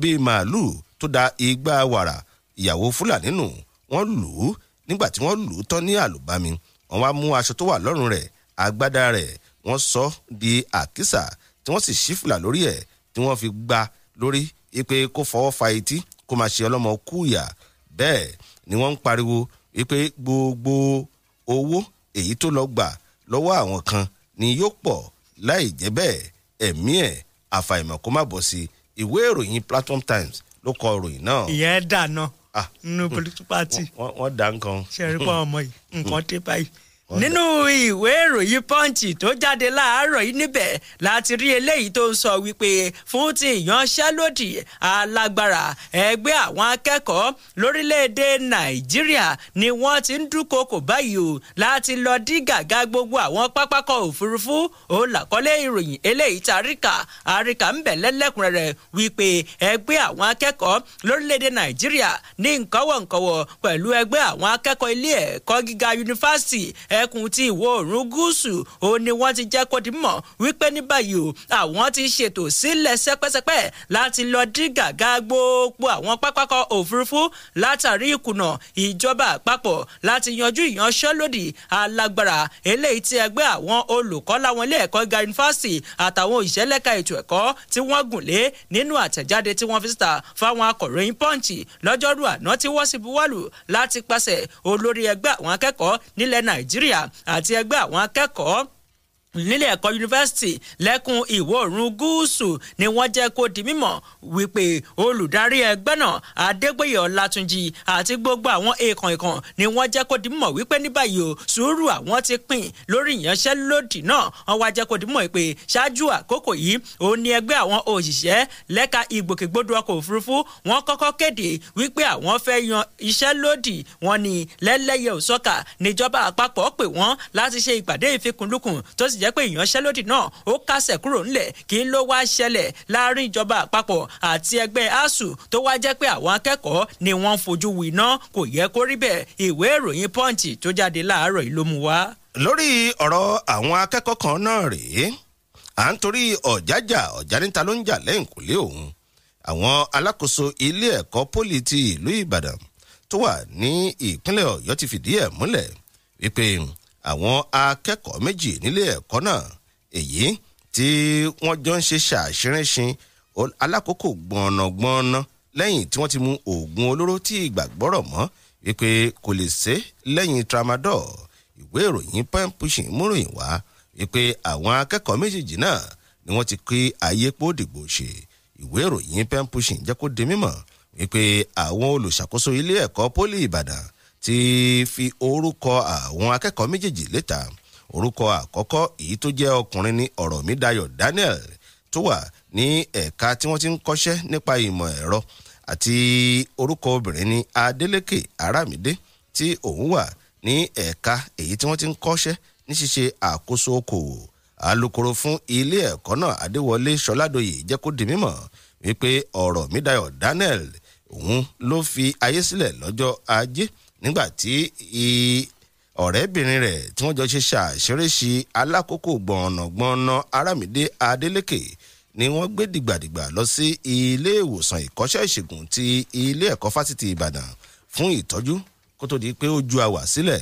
bíi màálùú tó da igba wàrà ìyàwó fúlàní nù wọ́n lù ú nígbà tí wọ́n lù ú tán ní àlùbami wọ́n wá mú aṣọ tó wà lọ́rùn rẹ̀ agbádá rẹ̀ wọ́n sọ di àkísà tí wọ́n sì ṣí fìlà lórí ẹ̀ tí wọ́n fi gba lórí wípé kó fọwọ́ fa etí kó máa ṣe ọlọ́mọ kúùyà bẹ́ẹ̀ ni wọ́n ń pariwo wípé gbogbo owó èyí tó lọ gbà lọ́wọ́ àwọn kan ni yóò pọ̀ láì jẹ́ bẹ́ẹ̀ ẹ̀mí ẹ̀ àfàìmọ̀ kó má bọ̀ sí ìwé ìròyìn Platform Times ló kọ ìròyìn náà. ìyẹn dànù ah. nínú political party. wọ́n dà nǹkan. ṣe é rí pọ́ ọmọ yìí nǹkan dé báyìí nínú ìwé ìròyìn pọ́ǹchì tó jáde láàárọ̀ yìí níbẹ̀ láti rí eléyìí tó ń sọ wípé fún ti ìyanṣẹ́lódì alágbára ẹgbẹ́ àwọn akẹ́kọ̀ọ́ lórílẹ̀‐èdè nàìjíríà ni wọ́n ti ń dúnkokò báyìí o láti lọ dí gàgà gbogbo àwọn pápákọ̀ òfurufú òun làkọ́lé ìròyìn eléyìí tá àríkà àríkà ń bẹ̀ lẹ́lẹ́kùnrẹ́rẹ́ wípé ẹgbẹ́ àwọn akẹ́kọ̀ọ́ lórílẹ̀‐èdè nàìjíríà ẹkùn ti ìwọ̀ oòrùn gúúsù ó ní wọ́n ti jẹ́ kó di mọ̀ wípé ní báyìí o àwọn ti ṣètò sílẹ̀ sẹ́pẹ́sẹ́pẹ́ láti lọ dí gàgà gbogbo àwọn pápákọ̀ òfurufú látàrí ìkùnà ìjọba àpapọ̀ láti yanjú ìyanṣẹ́lódì alágbára eléyìí tí ẹgbẹ́ àwọn olùkọ́ láwọn ilé ẹ̀kọ́ ga yunifásitì àtàwọn òṣìṣẹ́ ètò ẹ̀kọ́ tí wọ́n gùn lé nínú àtẹ̀jáde tí wọ́n fi síta fáwọn akọ̀ròyìn pọ́ǹchì lọ́jọ́rú àná tí wọ́n sì buwọ́lù láti pàṣẹ olórí ẹgbẹ́ àwọn akẹ́kọ̀ọ́ nílẹ̀ nàìjíríà nàìjíríà àti ẹgbẹ́ àwọn akẹ́kọ̀ọ́ nílé ẹ̀kọ́ yunifásitì lẹ́kùn ìwọ̀ oòrùn gúúsù ni wọ́n jẹ́ kó di mímọ̀ wípé olùdarí ẹgbẹ́ náà adégbòye ọlátúnjì àti gbogbo àwọn èèkàn èèkàn ni wọ́n jẹ́ kó di mímọ̀ wípé ní báyìí o sùúrù àwọn ti pín lórí ìyanṣẹ́lódì náà wọ́n wá jẹ́ kó di mímọ̀ pé ṣáájú àkókò yìí òun ni ẹgbẹ́ àwọn òṣìṣẹ́ lẹ́ka ìgbòkègbodò ọkọ̀ òfurufú wọ́n kọ́kọ́ kéde wípé àwọn ni lẹ́lẹ́yẹ̀ òsọ́kà níjọba àpapọ̀ pè wọ́n láti ṣe ìpàdé ìfikùnlukùn jẹ́ pé ìyanṣẹ́lódì náà ó kásẹ̀ kúrò ńlẹ̀ kí ló wá ṣẹlẹ̀ láàrin ìjọba àpapọ̀ àti ẹgbẹ́ asuu tó wá jẹ́ pé àwọn akẹ́kọ̀ọ́ ni wọ́n ń fojú winá kò yẹ kó rí bẹ́ẹ̀ ìwé ìròyìn punch tó jáde láàárọ̀ yìí ló mú wá. lórí ọ̀rọ̀ àwọn akẹ́kọ̀ọ́ kan náà rèé à ń torí ọ̀jájà ọ̀já ló ń jà lẹ́yìn òun àwọn akẹ́kọ̀ọ́ méjì nílé ẹ̀kọ́ náà èyí tí wọ́n jọ ń ṣe ṣàṣírínṣin alákòókò gbọ̀nàgbọ̀nà lẹ́yìn tí wọ́n ti mu oògùn olóró tí ìgbàgbọ́rọ̀ mọ́ wípé kò lè ṣe lẹ́yìn tramadol ìwé ìròyìn pen pushing múròyìn wá wípé àwọn akẹ́kọ̀ọ́ méjèèjì náà ni wọ́n ti kí ayépo dìgbò ṣe ìwé ìròyìn pen jẹ́ kó di mímọ̀ wípé àwọn olùṣàkóso ilé ẹ̀kọ́ poli ìbàdàn ti fi orúkọ àwọn akẹ́kọ̀ọ́ méjèèjì léta orúkọ àkọ́kọ́ èyí tó jẹ́ ọkùnrin ní ọ̀rọ̀mídayọ̀ Daniel tó wà ní ẹ̀ka tí wọ́n ti ń kọ́ṣẹ́ nípa ìmọ̀ ẹ̀rọ àti orúkọ obìnrin ní Adeleke Aramide tí òun wà ní ẹ̀ka èyí tí wọ́n ti ń kọ́ṣẹ́ ní ṣíṣe àkóso okòwò alukoro fún ilé ẹ̀kọ́ náà Adéwọlé Ṣọládòyè jẹ́ kó di mímọ̀ wípé Ọ̀rọ̀mídayọ̀ Daniel òun ló fi ayé sílẹ̀ lọ́jọ́ ajé nígbà tí ọ̀rẹ́bìnrin rẹ̀ tí wọ́n jọ ṣe ṣàṣeréṣe alákòókò gbọ̀nàgbọ̀nà Arámidé Adélékè ni wọ́n gbé dìgbàdìgbà lọ sí ilé ìwòsàn ìkọ́ṣẹ́ ìṣègùn ti ilé ẹ̀kọ́ fásitì Ìbàdàn fún ìtọ́jú kó tó di pé ó ju àwà sílẹ̀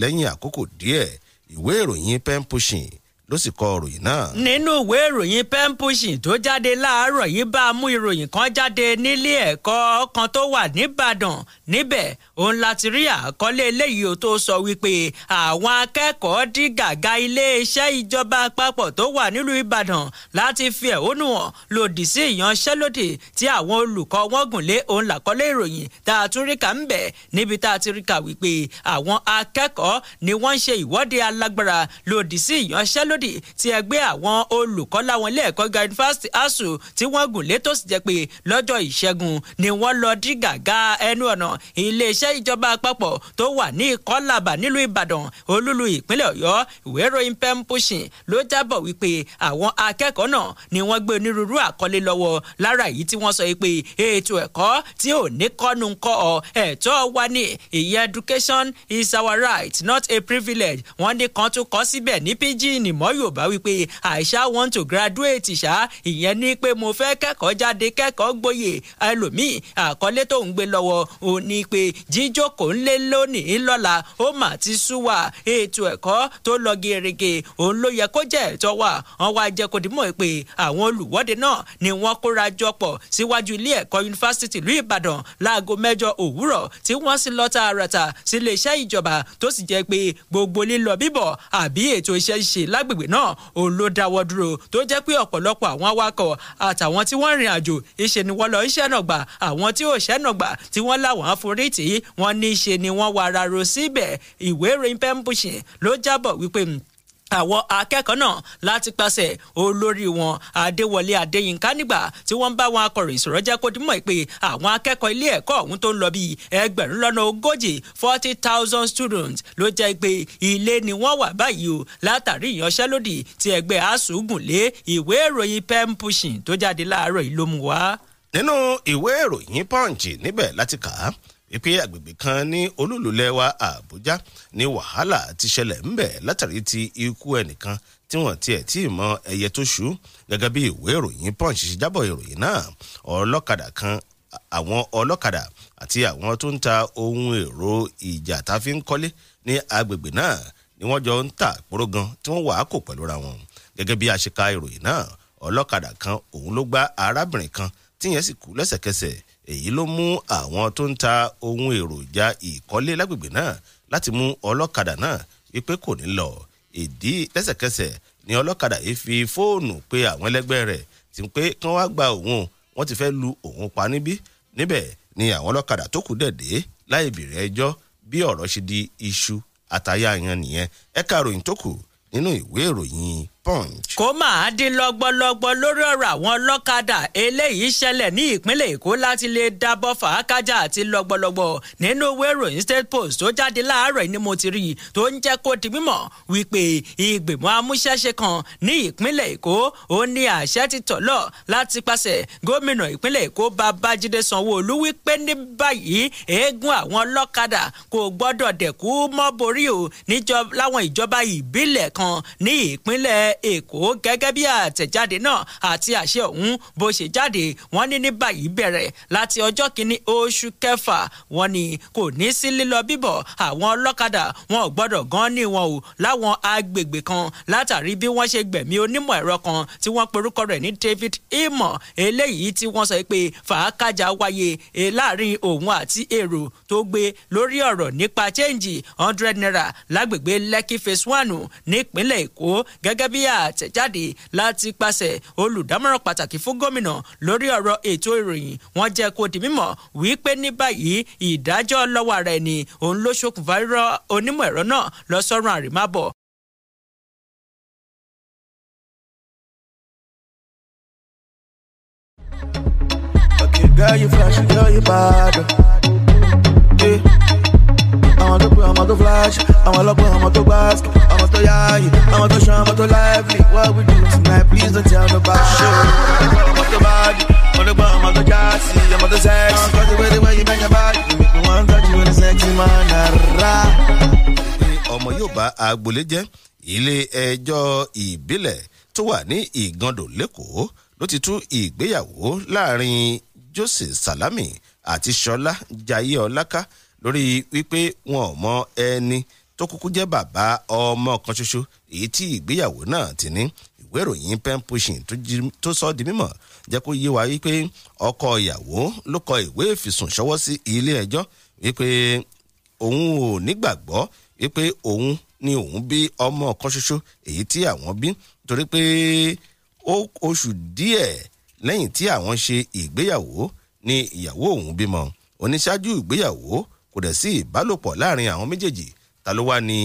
lẹ́yìn àkókò díẹ̀ ìwé ìròyìn pen pushing ló sì kọ ìròyìn náà. nínú ìwé ìròyìn pen pushing tó jáde láàárọ̀ yìí bá a mú ìròyìn kan jáde nílé ẹ̀kọ́ kan tó wà nìbàdàn níbẹ̀ òun láti rí àkọlé eléyìí ó tó sọ wípé àwọn akẹ́kọ̀ọ́ dí gàgà iléeṣẹ́ ìjọba àpapọ̀ tó wà nílùú ìbàdàn láti fi ẹ̀hónú hàn lòdì sí ìyanṣẹ́lódì tí àwọn olùkọ́ wọn gùn lé òun làkọlé ìròyìn tá a tún rí kà ń bẹ̀ níbi tá a ti rí kà wípé àwọn akẹ́kọ̀ọ́ ni wọ́n ń ṣe ìwọ́de alágbára lòdì sí ìyanṣẹ́lódì lòdì tí ẹgbẹ́ àwọn olùkọ́ láwọn ilé ẹ̀kọ́ ga yunifásitì asuu tí wọ́n gùn lé tó sì jẹ́ pé lọ́jọ́ ìṣẹ́gun ni wọ́n lọ dí gàgá ẹnu ọ̀nà iléeṣẹ́ ìjọba àpapọ̀ tó wà ní ìkọ́làbà nílùú ìbàdàn olúlu ìpínlẹ̀ ọ̀yọ́ ìwé ìròyìn pen pushing ló jábọ̀ wípé àwọn akẹ́kọ̀ọ́ náà ni wọ́n gbé onírúurú àkọlé lọ́wọ́ lára èyí tí wọ́n sọ pé ètò ẹ̀kọ́ tí ò ní kọ́nu kọ́ ọ ẹ̀tọ́ wa ni ìyẹn education is our right not a privilege wọ́n ní kan tún kọ́ síbẹ̀ ní pidgin mọ́ àmọ́ yorùbá wípé àìṣá want to graduate ṣá ìyẹn ní pé mo fẹ́ kẹ́kọ̀ọ́ jáde kẹ́kọ̀ọ́ gboyè ẹlòmíì àkọlé tó ń gbé lọ́wọ́ ò ní pé jíjókòó ńlé lónìí lọ́la ó mà ti sú wa ètò ẹ̀kọ́ tó lọ gerege òun ló yẹ kó jẹ́ ẹ̀tọ́ wa wọ́n wá jẹ́ kó dìmọ̀ pé àwọn olùwọ́de náà ni wọ́n kóra jọ pọ̀ síwájú ilé ẹ̀kọ́ yunifásitì ìlú ìbàdàn láago mẹ́jọ òwúrọ̀ tí wọ́n sì lọ tààràtà sílé iṣẹ́ ìjọba tó sì jẹ́ pé gbogbo lílọ bíbọ̀ àbí ètò iṣẹ́ ṣe lágbègbè lágbègbè náà òun ló dáwọ́ dúró tó jẹ́ pé ọ̀pọ̀lọpọ̀ àwọn awakọ̀ àtàwọn tí wọ́n rìn àjò iṣẹ́ ni wọ́n lọ iṣẹ́ náà gbà àwọn tí ò ṣẹ́ náà gbà tí wọ́n láwọn aforítì wọ́n ní í ṣe ni wọ́n wá ara ro síbẹ̀ ìwé rìnpẹ́ńpùṣìn ló jábọ̀ wípé hmm, àwọn akẹ́kọ̀ọ́ náà láti pàṣẹ olórí wọn adéwọlé adéyínká nígbà tí wọ́n ń bá wọn akọ̀ròyìn sọ̀rọ̀ jẹ́ kó dimọ̀ pé àwọn akẹ́kọ̀ọ́ ilé ẹ̀kọ́ ọ̀hún tó ń lọ bíi ẹgbẹ̀rún lọ́nà ogójì forty thousand students ló jẹ́ pé ilé ni wọ́n wà báyìí o látàrí ìyanṣẹ́lódì tí ẹgbẹ́ asuu gùn lé ìwé ìròyìn pen pushing tó jáde láàárọ̀ yìí ló mú wá. nínú ìwé ìròyìn punch níbẹ̀ láti kà á wípé agbègbè kan ní olúlulẹ̀ wa àbújá ní wàhálà ti ṣẹlẹ̀ ńbẹ̀ látàrí ti ikú ẹnìkan tí wọ́n tiẹ̀ tí ì mọ ẹyẹ tó ṣú gẹ́gẹ́ bí ìwé ìròyìn punch ṣe jábọ̀ ìròyìn náà ọlọ́kadà kan àwọn ọlọ́kadà àti àwọn tó ń ta ohun èrò ìjà tá a fi ń kọ́lé ní agbègbè náà ni wọ́n jọ ń ta àpòrógan tí wọ́n wà á kò pẹ̀lú ra wọn gẹ́gẹ́ bí a ṣe ka ìròyìn náà ọlọ́kadà kan òun ló gbá arábìnrin kan tíyẹn sì kú lẹ́sẹ̀kẹsẹ̀ èyí ló mú àwọn tó ń ta ohun èròjà ìkọ́lé lágbègbè náà láti mú ọlọ́kadà náà wípé kò ní lọ ìdí lẹ́sẹ̀kẹsẹ̀ ni ọlọ́kadà yìí fi fóònù pé àwọn ẹlẹ́gbẹ́ rẹ̀ ti pé kí wọ́n gba òun wọ́n ti fẹ́ lu òun pa níbí níbẹ̀ ni àwọn ọlọ́kadà tó kù dẹ̀dẹ̀ láì bèrè ẹjọ́ bí ọ̀rọ̀ ṣe di iṣu àtayá yan nìyẹn ẹ̀ka ìròyìn tó kù nínú ìwé ìròyìn punch. kó máa dín lọ́gbọ́lọ́gbọ́ lórí ọ̀rọ̀ àwọn ọlọ́kadà eléyìí ṣẹlẹ̀ ní ìpínlẹ̀ èkó láti lè dábọ́ fàákájà àti lọ́gbọ́lọ́gbọ́ nínú ìwé ìròyìn state post tó jáde láàárọ̀ ni mo ti rí i tó ń jẹ́ kó di mímọ̀ wípé ìgbìmọ̀ amúṣẹ́ṣe kan ní ìpínlẹ̀ èkó ó ní àṣẹ ti tọ̀ lọ láti pàṣẹ gómìnà ìpínlẹ̀ èkó babájídé sanwóolu wípé ní báyìí eégún àwọn ọlọ́kadà kò gbọ́dọ̀ dẹ̀kú mọ́ borí o níjọba láwọn ìjọba ìbílẹ̀ kan ní ìpínlẹ̀ èkó gẹ́gẹ́ bí àtẹ̀jáde náà àti àṣẹ ọ̀hún bó ṣe jáde wọ́n ní ní báyìí bẹ̀rẹ̀ láti ọjọ́ kìíní oṣù kẹfà wọ́n ní kò ní sí lílọ bíbọ̀ àwọn ọlọ́kadà wọn ò gbọ́dọ̀ gan ní wọn o láwọn agbègbè kan látàrí bí wọ́n ṣe gbẹ̀mí onímọ̀ ẹ̀rọ kan tí wọ́n porúkọ rẹ̀ ní David Imo eléyìí tí wọ́n sọ pé fàákàjà wáyé e, láàrin òun àti èrò tó gbé lórí ọ̀rọ̀ nípa chẹ́ǹjì hundred naira lágbègbè Lekki phase one nípínlẹ̀ Èkó gẹ́gẹ́ bí lórí àtẹ̀jáde láti pàṣẹ olùdámọ̀ràn pàtàkì fún gómìnà lórí ọ̀rọ̀ ètò ìròyìn wọ́n jẹ́ kó di mímọ̀ wípé ní báyìí ìdájọ́ lọ́wọ́ ara ẹni òun ló ṣokùnfà rírọ́ onímọ̀ ẹ̀rọ náà lọ sọ́run àrèmábọ̀ Girl, you flashy, girl, you bad. Yeah tó pé ọmọ tó flash àwọn ọlọ́pàá ọmọ tó gbask ọmọ tó yáàyè ọmọ tó ṣan ọmọ tó lively what we do tonight please don't tell nobody show ọmọ tó báàgì ọlọ́pàá ọmọ tó jásì ọmọ tó sexy ọmọ tó wẹ́rẹ́ wẹ́rẹ́ bẹ́ẹ̀ yẹn báàgì ìgbìmọ̀ wọn ń tọ́jú ní sexy man rárá. ọmọ yóò bá agboolé jẹ́ ilé ẹjọ́ ìbílẹ̀ tó wà ní ìgàndò lẹ́kọ̀ọ́ ló ti tú ìgbéyàwó láàrin joseph salami àti ṣọlá jayé ọláká lórí wípé wọn ò mọ ẹni tó kúkú jẹ́ bàbá ọmọ kan ṣoṣo èyí tí ìgbéyàwó náà ti ní ìwé ìròyìn pen pushing tó sọ di mímọ̀ jẹ́ kó yé wa wípé ọkọ ìyàwó ló kọ ìwé ìfisùn ṣọwọ́ sí ilé ẹjọ́ wípé òun ò nígbàgbọ́ wípé òun ni òun bí ọmọ kan ṣoṣo èyí tí àwọn bí torí pé oṣù díẹ̀ lẹ́yìn tí àwọn ṣe ìgbéyàwó ni ìyàwó òun bímọ oníṣáájú ìgbéyàwó kò dẹ̀ sí ìbálòpọ̀ láàrin àwọn méjèèjì ta ló wá ní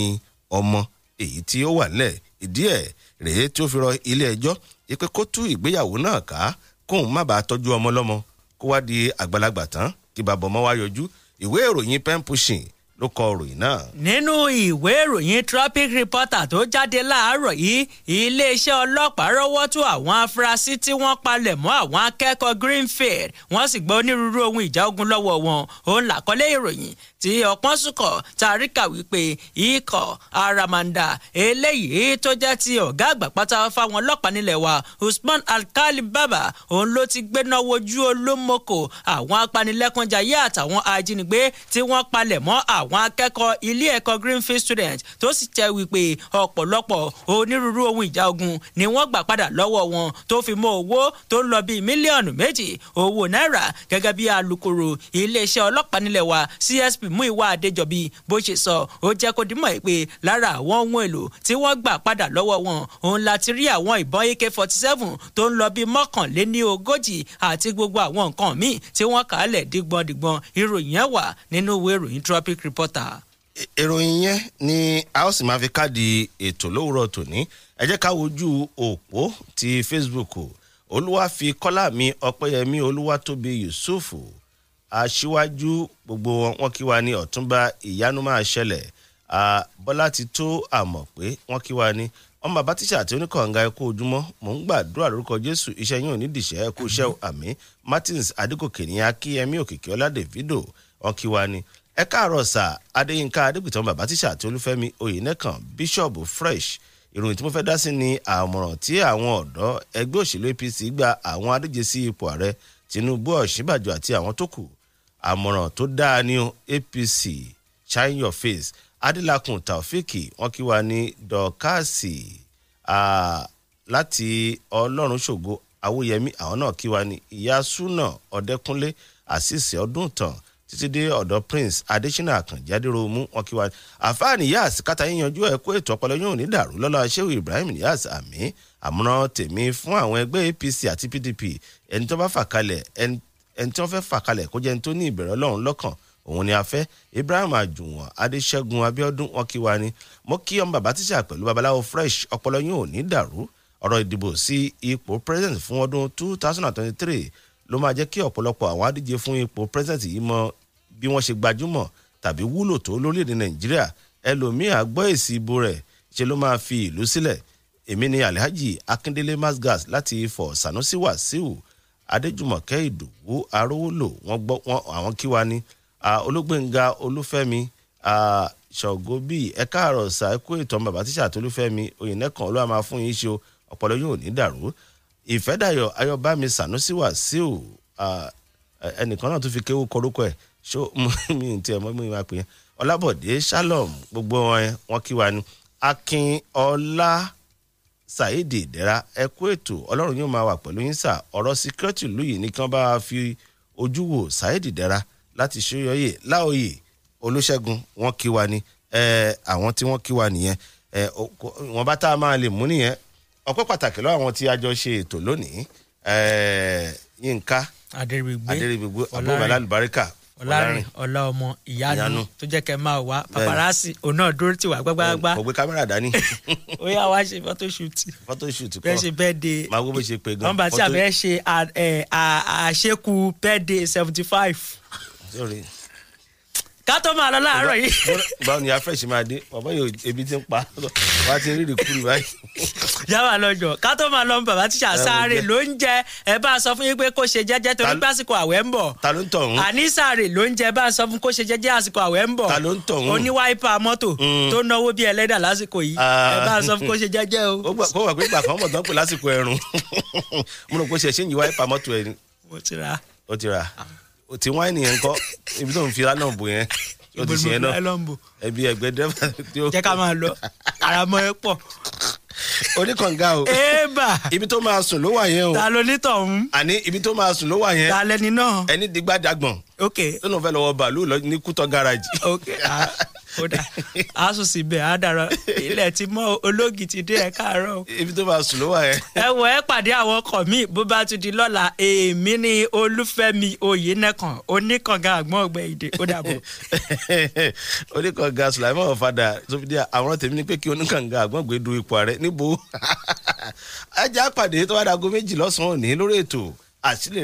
ọmọ èyí tí ó wà nílẹ̀ ìdí ẹ̀ rèé tí ó fi rọ ilé ẹjọ́ pé kó tú ìgbéyàwó náà ká kóun má bàa tọ́jú ọmọ lọ́mọ kó wá di àgbàlagbà tán kí bàbá ọmọ wá yọjú ìwé ìròyìn pen pushing ló kọ ìròyìn náà. nínú ìwé ìròyìn traffic reporter tó jáde láàárọ̀ yìí iléeṣẹ́ ọlọ́pàá rọ́wọ́ tó àwọn afurasí tí wọ́n palẹ̀ mọ́ àwọn akẹ́kọ̀ọ́ greenfield wọ́n sì gba onírúurú ohun ìjà ogun lọ́wọ́ wọn òun làkọ́lé ìròyìn tí ọpọ́n sùkọ̀ taríkà wípé ikọ̀ aramanda eléyìí tó jẹ́ ti ọ̀gá àgbà pátá fáwọn ọlọ́pàá nílẹ̀ wa Usman Alkali Baba òun ló ti gbéná wojú olómoko àwọn apanilẹ́kúnjayé àtàwọn ajínigbé tí wọ́n palẹ̀ mọ́ àwọn akẹ́kọ̀ọ́ ilé ẹ̀kọ́ Greenfield student tó sì jẹ́ wípé ọ̀pọ̀lọpọ̀ onírúurú ohun ìjà ogun ni wọ́n gbà padà lọ́wọ́ wọn tó fi mọ́ owó tó ń lọ bíi mílíọ̀nù méjì owó náírà gẹ́gẹ́ bí alukoro iléeṣẹ́ ọlọ́pàá nílẹ̀ wa CSP Múyìwá Adéjọbí bó ṣe sọ ó jẹ́ kó dímọ̀ pé lára àwọn ohun èlò tí wọ́n gbà padà lọ́wọ́ wọn òun la rí àwọn ìbọn AK forty seven tó ń lọ bíi mọ́kànléní ogójì àti gbogbo àwọn nǹkan míì tí wọ́n kà á lẹ̀ dígbọ̀ndígbọ̀n ìròyìn yẹn wà nínú ìwé ìròyìn Tropic Reporter e, ìròyìn yẹn ni a ó sì máa fi káàdì ètò lówùúrọ̀ tòní ẹ jẹ́ ká wojú òpó ti Facebook olúwa fi kọ́lá mi ọpẹ́yẹmí olúwatóbi Yusuf aṣíwájú gbogbo wọn wọ́n kí wa ní ọ̀túnba ìyanu máa ṣẹlẹ̀ bọ́lá ti tó àmọ̀ pé wọ́n kí wa ní ọmọ bàbá tíṣà àti oníkànga ẹkọ ojúmọ́ mò ń gbàdúrà lórúkọ jésù iṣẹ́ yín ò ní dìṣẹ́ ẹkọ iṣẹ́ àmì martins adégòkè ní akíyẹmí òkìkí ọlá davido wọ́n kí wa ní ẹ káàárọ̀ sà adéyínká adégbìtàn bàbá tíṣà àti olúfẹ́mi oyinẹkan bíṣọ̀bù fresh ìròyìn tí mo fẹ́ dá sí ni àmọ̀ràn tí àwọn ọ̀dọ́ ẹgbẹ́ òṣèlú apc gba àwọn adíje sí ipò ààrẹ tinubu ọ̀ṣínbàjò àti àwọn tó kù àmọ̀ràn tó dáa ní APC shine your face adilakun taofiki wọ́n kí wa ní dọkasi láti Ọlọ́run ṣògo awóyẹmí àwọn náà kí wa ní ìyá súnà ọdẹkúnlé àṣìṣe ọdún tán títí dé ọ̀dọ̀ prince adésínà àkànjá déròmú wọn kí wa àfáà níyàs kátà yíyanjú ẹ̀kọ́ ètò ọpọlọ yóò ní dàrú lọ́la ṣéwù ibrahim níyàs àmì àmúràn tèmi fún àwọn ẹgbẹ́ apc àti pdp ẹni tó bá fà kalẹ̀ ẹni ẹni tí wọ́n fẹ́ fà kalẹ̀ kó jẹ́ ẹni tó ní ìbẹ̀rẹ̀ ọlọ́run lọ́kàn òun ni a fẹ́ Ibrahim Àjùwọ̀n Adéṣẹ́gun Abíọ́dún wọn kí wa ni mo kí ọmọ bàbá tíṣà pẹ̀lú babaláwo fresh ọpọlọ yín ò ní dàrú ọ̀rọ̀ ìdìbò sí ipò president fún ọdún 2023 ló máa jẹ́ kí ọ̀pọ̀lọpọ̀ àwọn adíje fún ipò president yìí mọ bí wọ́n ṣe gbajúmọ̀ tàbí wúlò tó lórílẹ̀‐èdè Nàìjíríà ẹlòmíà gbọ́ èsì ìbò rẹ̀ ṣe ló máa fi ìlú sílẹ̀ èmi ni Alhaji Akíndélé Masgas láti ifọ̀ Sanusi Wasiu adéjùmọ̀kẹ́ ìdòwú arówólò wọ́n gbọ́ àwọn kí wa ni ológbèǹga olúfẹ́mi ṣọ̀gó bíi ẹ káàárọ̀ sá ẹ kó ìtàn bàbá tíṣà tolúfẹ́mi òyìnlẹ́kan olúwa máa fún yín ṣe o ọ̀pọ̀lọ yóò ní dàrú ìfẹ́dàyọ̀ ayọ̀bámi sànúsì wàsíù ẹnìkan náà tún fi kéwú korúkọ ẹ̀ ṣó mi n tiẹ̀ mọ́ mi máa pè é ọlábọ̀dé shalom gbogbo wọn kí wa ni akin ọlá saheed dera ẹ kú ètò ọlọ́run yóò máa wà pẹ̀lú yín sà ọ̀rọ̀ síkírẹ́tì ìlú yìí nìkan bá a fi ojú wo saheed ìdẹ́ra láti ṣóyọyè láòyè olùṣègùn wọn kí wa ni àwọn tí wọ́n kí wa nìyẹn wọn bá tá a máa lè mú nìyẹn ọpẹ́ pàtàkì lọ́wọ́ àwọn tí a jọ ṣe ètò lónìí yínká adéríbigbé abúlé alálùbáríkà ọlárin ọlá ọmọ ìyanu tó jẹ́ kẹ́ máa wá paparazzi òun náà dúró tì wá gbágbáágbá. kò gbé kámẹ́rà dání. ó yà wá ṣe photoshoot. photoshoot kọ́ bẹ́ẹ̀ ṣe bẹ́ẹ̀ de màá gbọ́ bó ṣe pé gan. nọ́mbà tí a fẹ́ ṣe àṣekù bẹ́ẹ̀ de seventy five ká tó máa lọ láàárọ̀ yìí. báwo ni afresh máa dé bàbá yóò ebi ti ń pa wá ti rí ìrìkúrì báyìí. yàrá lọ́jọ́ ká tó máa lọ bàbá tíṣà sáré ló ẹ bá a sọ fún yín pé kó ṣe jẹ́jẹ́ torí pásìkò àwẹ̀ ń bọ̀. ta ló ń tọ̀ ń. àní sáré ló bá a sọ fún kó ṣe jẹ́jẹ́ àsìkò àwẹ̀ ń bọ̀. ta ló ń tọ̀ ń. oníwáìpà mọ́tò mm. tó náwó bí ẹlẹ́dà lásìkò yìí ah. ẹ bá a sọ fún kó ṣe jẹ́jẹ́ o. kó wà pé gbàgbọ́ mọ̀ tán pé lásìkò ẹ̀rùn mo rò pé ṣe ṣé ìyíwáìpà mọ́tò ẹ̀ ni. mo ti ra. Ah. o tí wáìnì yẹn kọ́ ibi tó ń fi lálọ́ǹbù yẹn o ti ṣe náà ẹbí ẹgbẹ́ dẹ́fà tí ó. jẹ́ ká máa lọ àràmọ́ ẹ pọ̀. oníkànga o. éèbà. ibi tó máa sùn ló wà yẹn o. ta ló ní tọ̀hún. àní ibi tó máa sùn ló wà yẹn. ta lẹni náà. ẹni dìgbà dàgbọ̀n ok tó náà fẹ́ lọ́wọ́ bàálù lọ ní kútọ́ garaji. ok kódà ah, a sùn síbẹ̀ a dára ilẹ̀ ti mọ́ ológi ti dé ẹ̀ káàárọ̀. ibi tó máa sùn ló wà yẹn. ẹ wọ ẹ pàdé àwọn ọkọ mi bó bá ti di lọ́la èmi ni olúfẹ́mi oyinẹ̀kan oníkànga àgbọ̀n ọgbẹ́ ìdè ó dàbọ̀. oníkànga sùlámù ọ̀fadà tó fi dé àwọn tèmi ni pé kí oníkànga àgbọ̀n gbé du ipò ààrẹ níbo ajá pàdé tó wá dago méjì lọ́sàn-án òní lórí ètò àṣìlè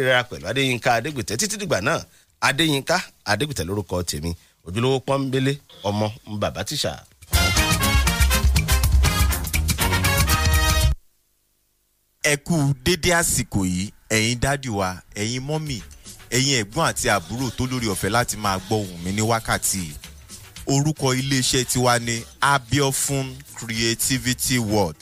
adéyínká adégbìtẹ̀ lórúkọ tèmi ojúlówó pọ́nbélé ọmọ bàbá tíṣà. ẹ kú dédé àsìkò yìí ẹ̀yin dádì wa ẹ̀yin mọ́mì ẹ̀yin ẹ̀gbọ́n àti àbúrò tó lórí ọ̀fẹ́ láti máa gbọ́ ohùn mi ní wákàtí orúkọ iléeṣẹ́ tiwa ni abiofun creativity world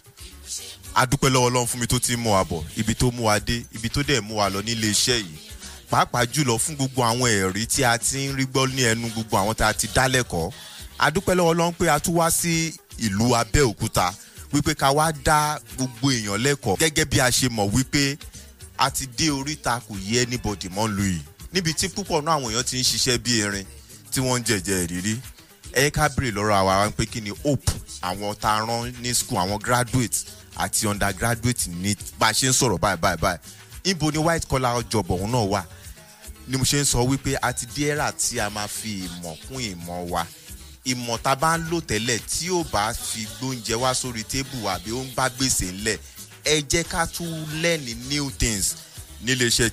adúpẹ́ lọ́wọ́ ọlọ́run fún mi tó ti mú wa bọ̀ ibi tó mú wa dé ibi tó dẹ̀ mú wa lọ ní iléeṣẹ́ yìí pàápàá jùlọ fún gbogbo àwọn ẹ̀rí tí a ti ń rí gbọ́ ní ẹnu gbogbo àwọn tá a ti dá lẹ́kọ̀ọ́ a dúpẹ́ lọ́wọ́ lọ́n pé a tún wá sí ìlú Abẹ́òkúta wípé ká wá dá gbogbo èèyàn lẹ́kọ̀ọ́ gẹ́gẹ́ bí a ṣe mọ̀ wípé a ti dé oríta kò yé anybody mọ́ lu yìí níbi tí púpọ̀ náà àwọn èèyàn ti ń ṣiṣẹ́ bí erin tí wọ́n ń jẹ̀jẹ̀ ìrírí ẹ ká bèrè lọ́rọ̀ àwa wa pé kí ni hope àwọn tá a rán ní school àwọn graduate àti undergraduate ní bá a ṣe ń sọ̀rọ̀ báyìí báyìí báyìí ibo ni white collar ọ̀jọ̀bọ̀ òun náà wà ni mo ṣe ń sọ wípé a ti dé ẹ̀rà tí a máa fi ìmọ̀ kún ìmọ̀ wa ìmọ̀ tá a bá ń lò tẹ́lẹ̀ tí ò bá fi gbóúnjẹ wá sórí tébù àbí ó ń bá gbèsè ńlẹ̀ ẹ jẹ́ ká tún lẹ́ni new things níléeṣẹ́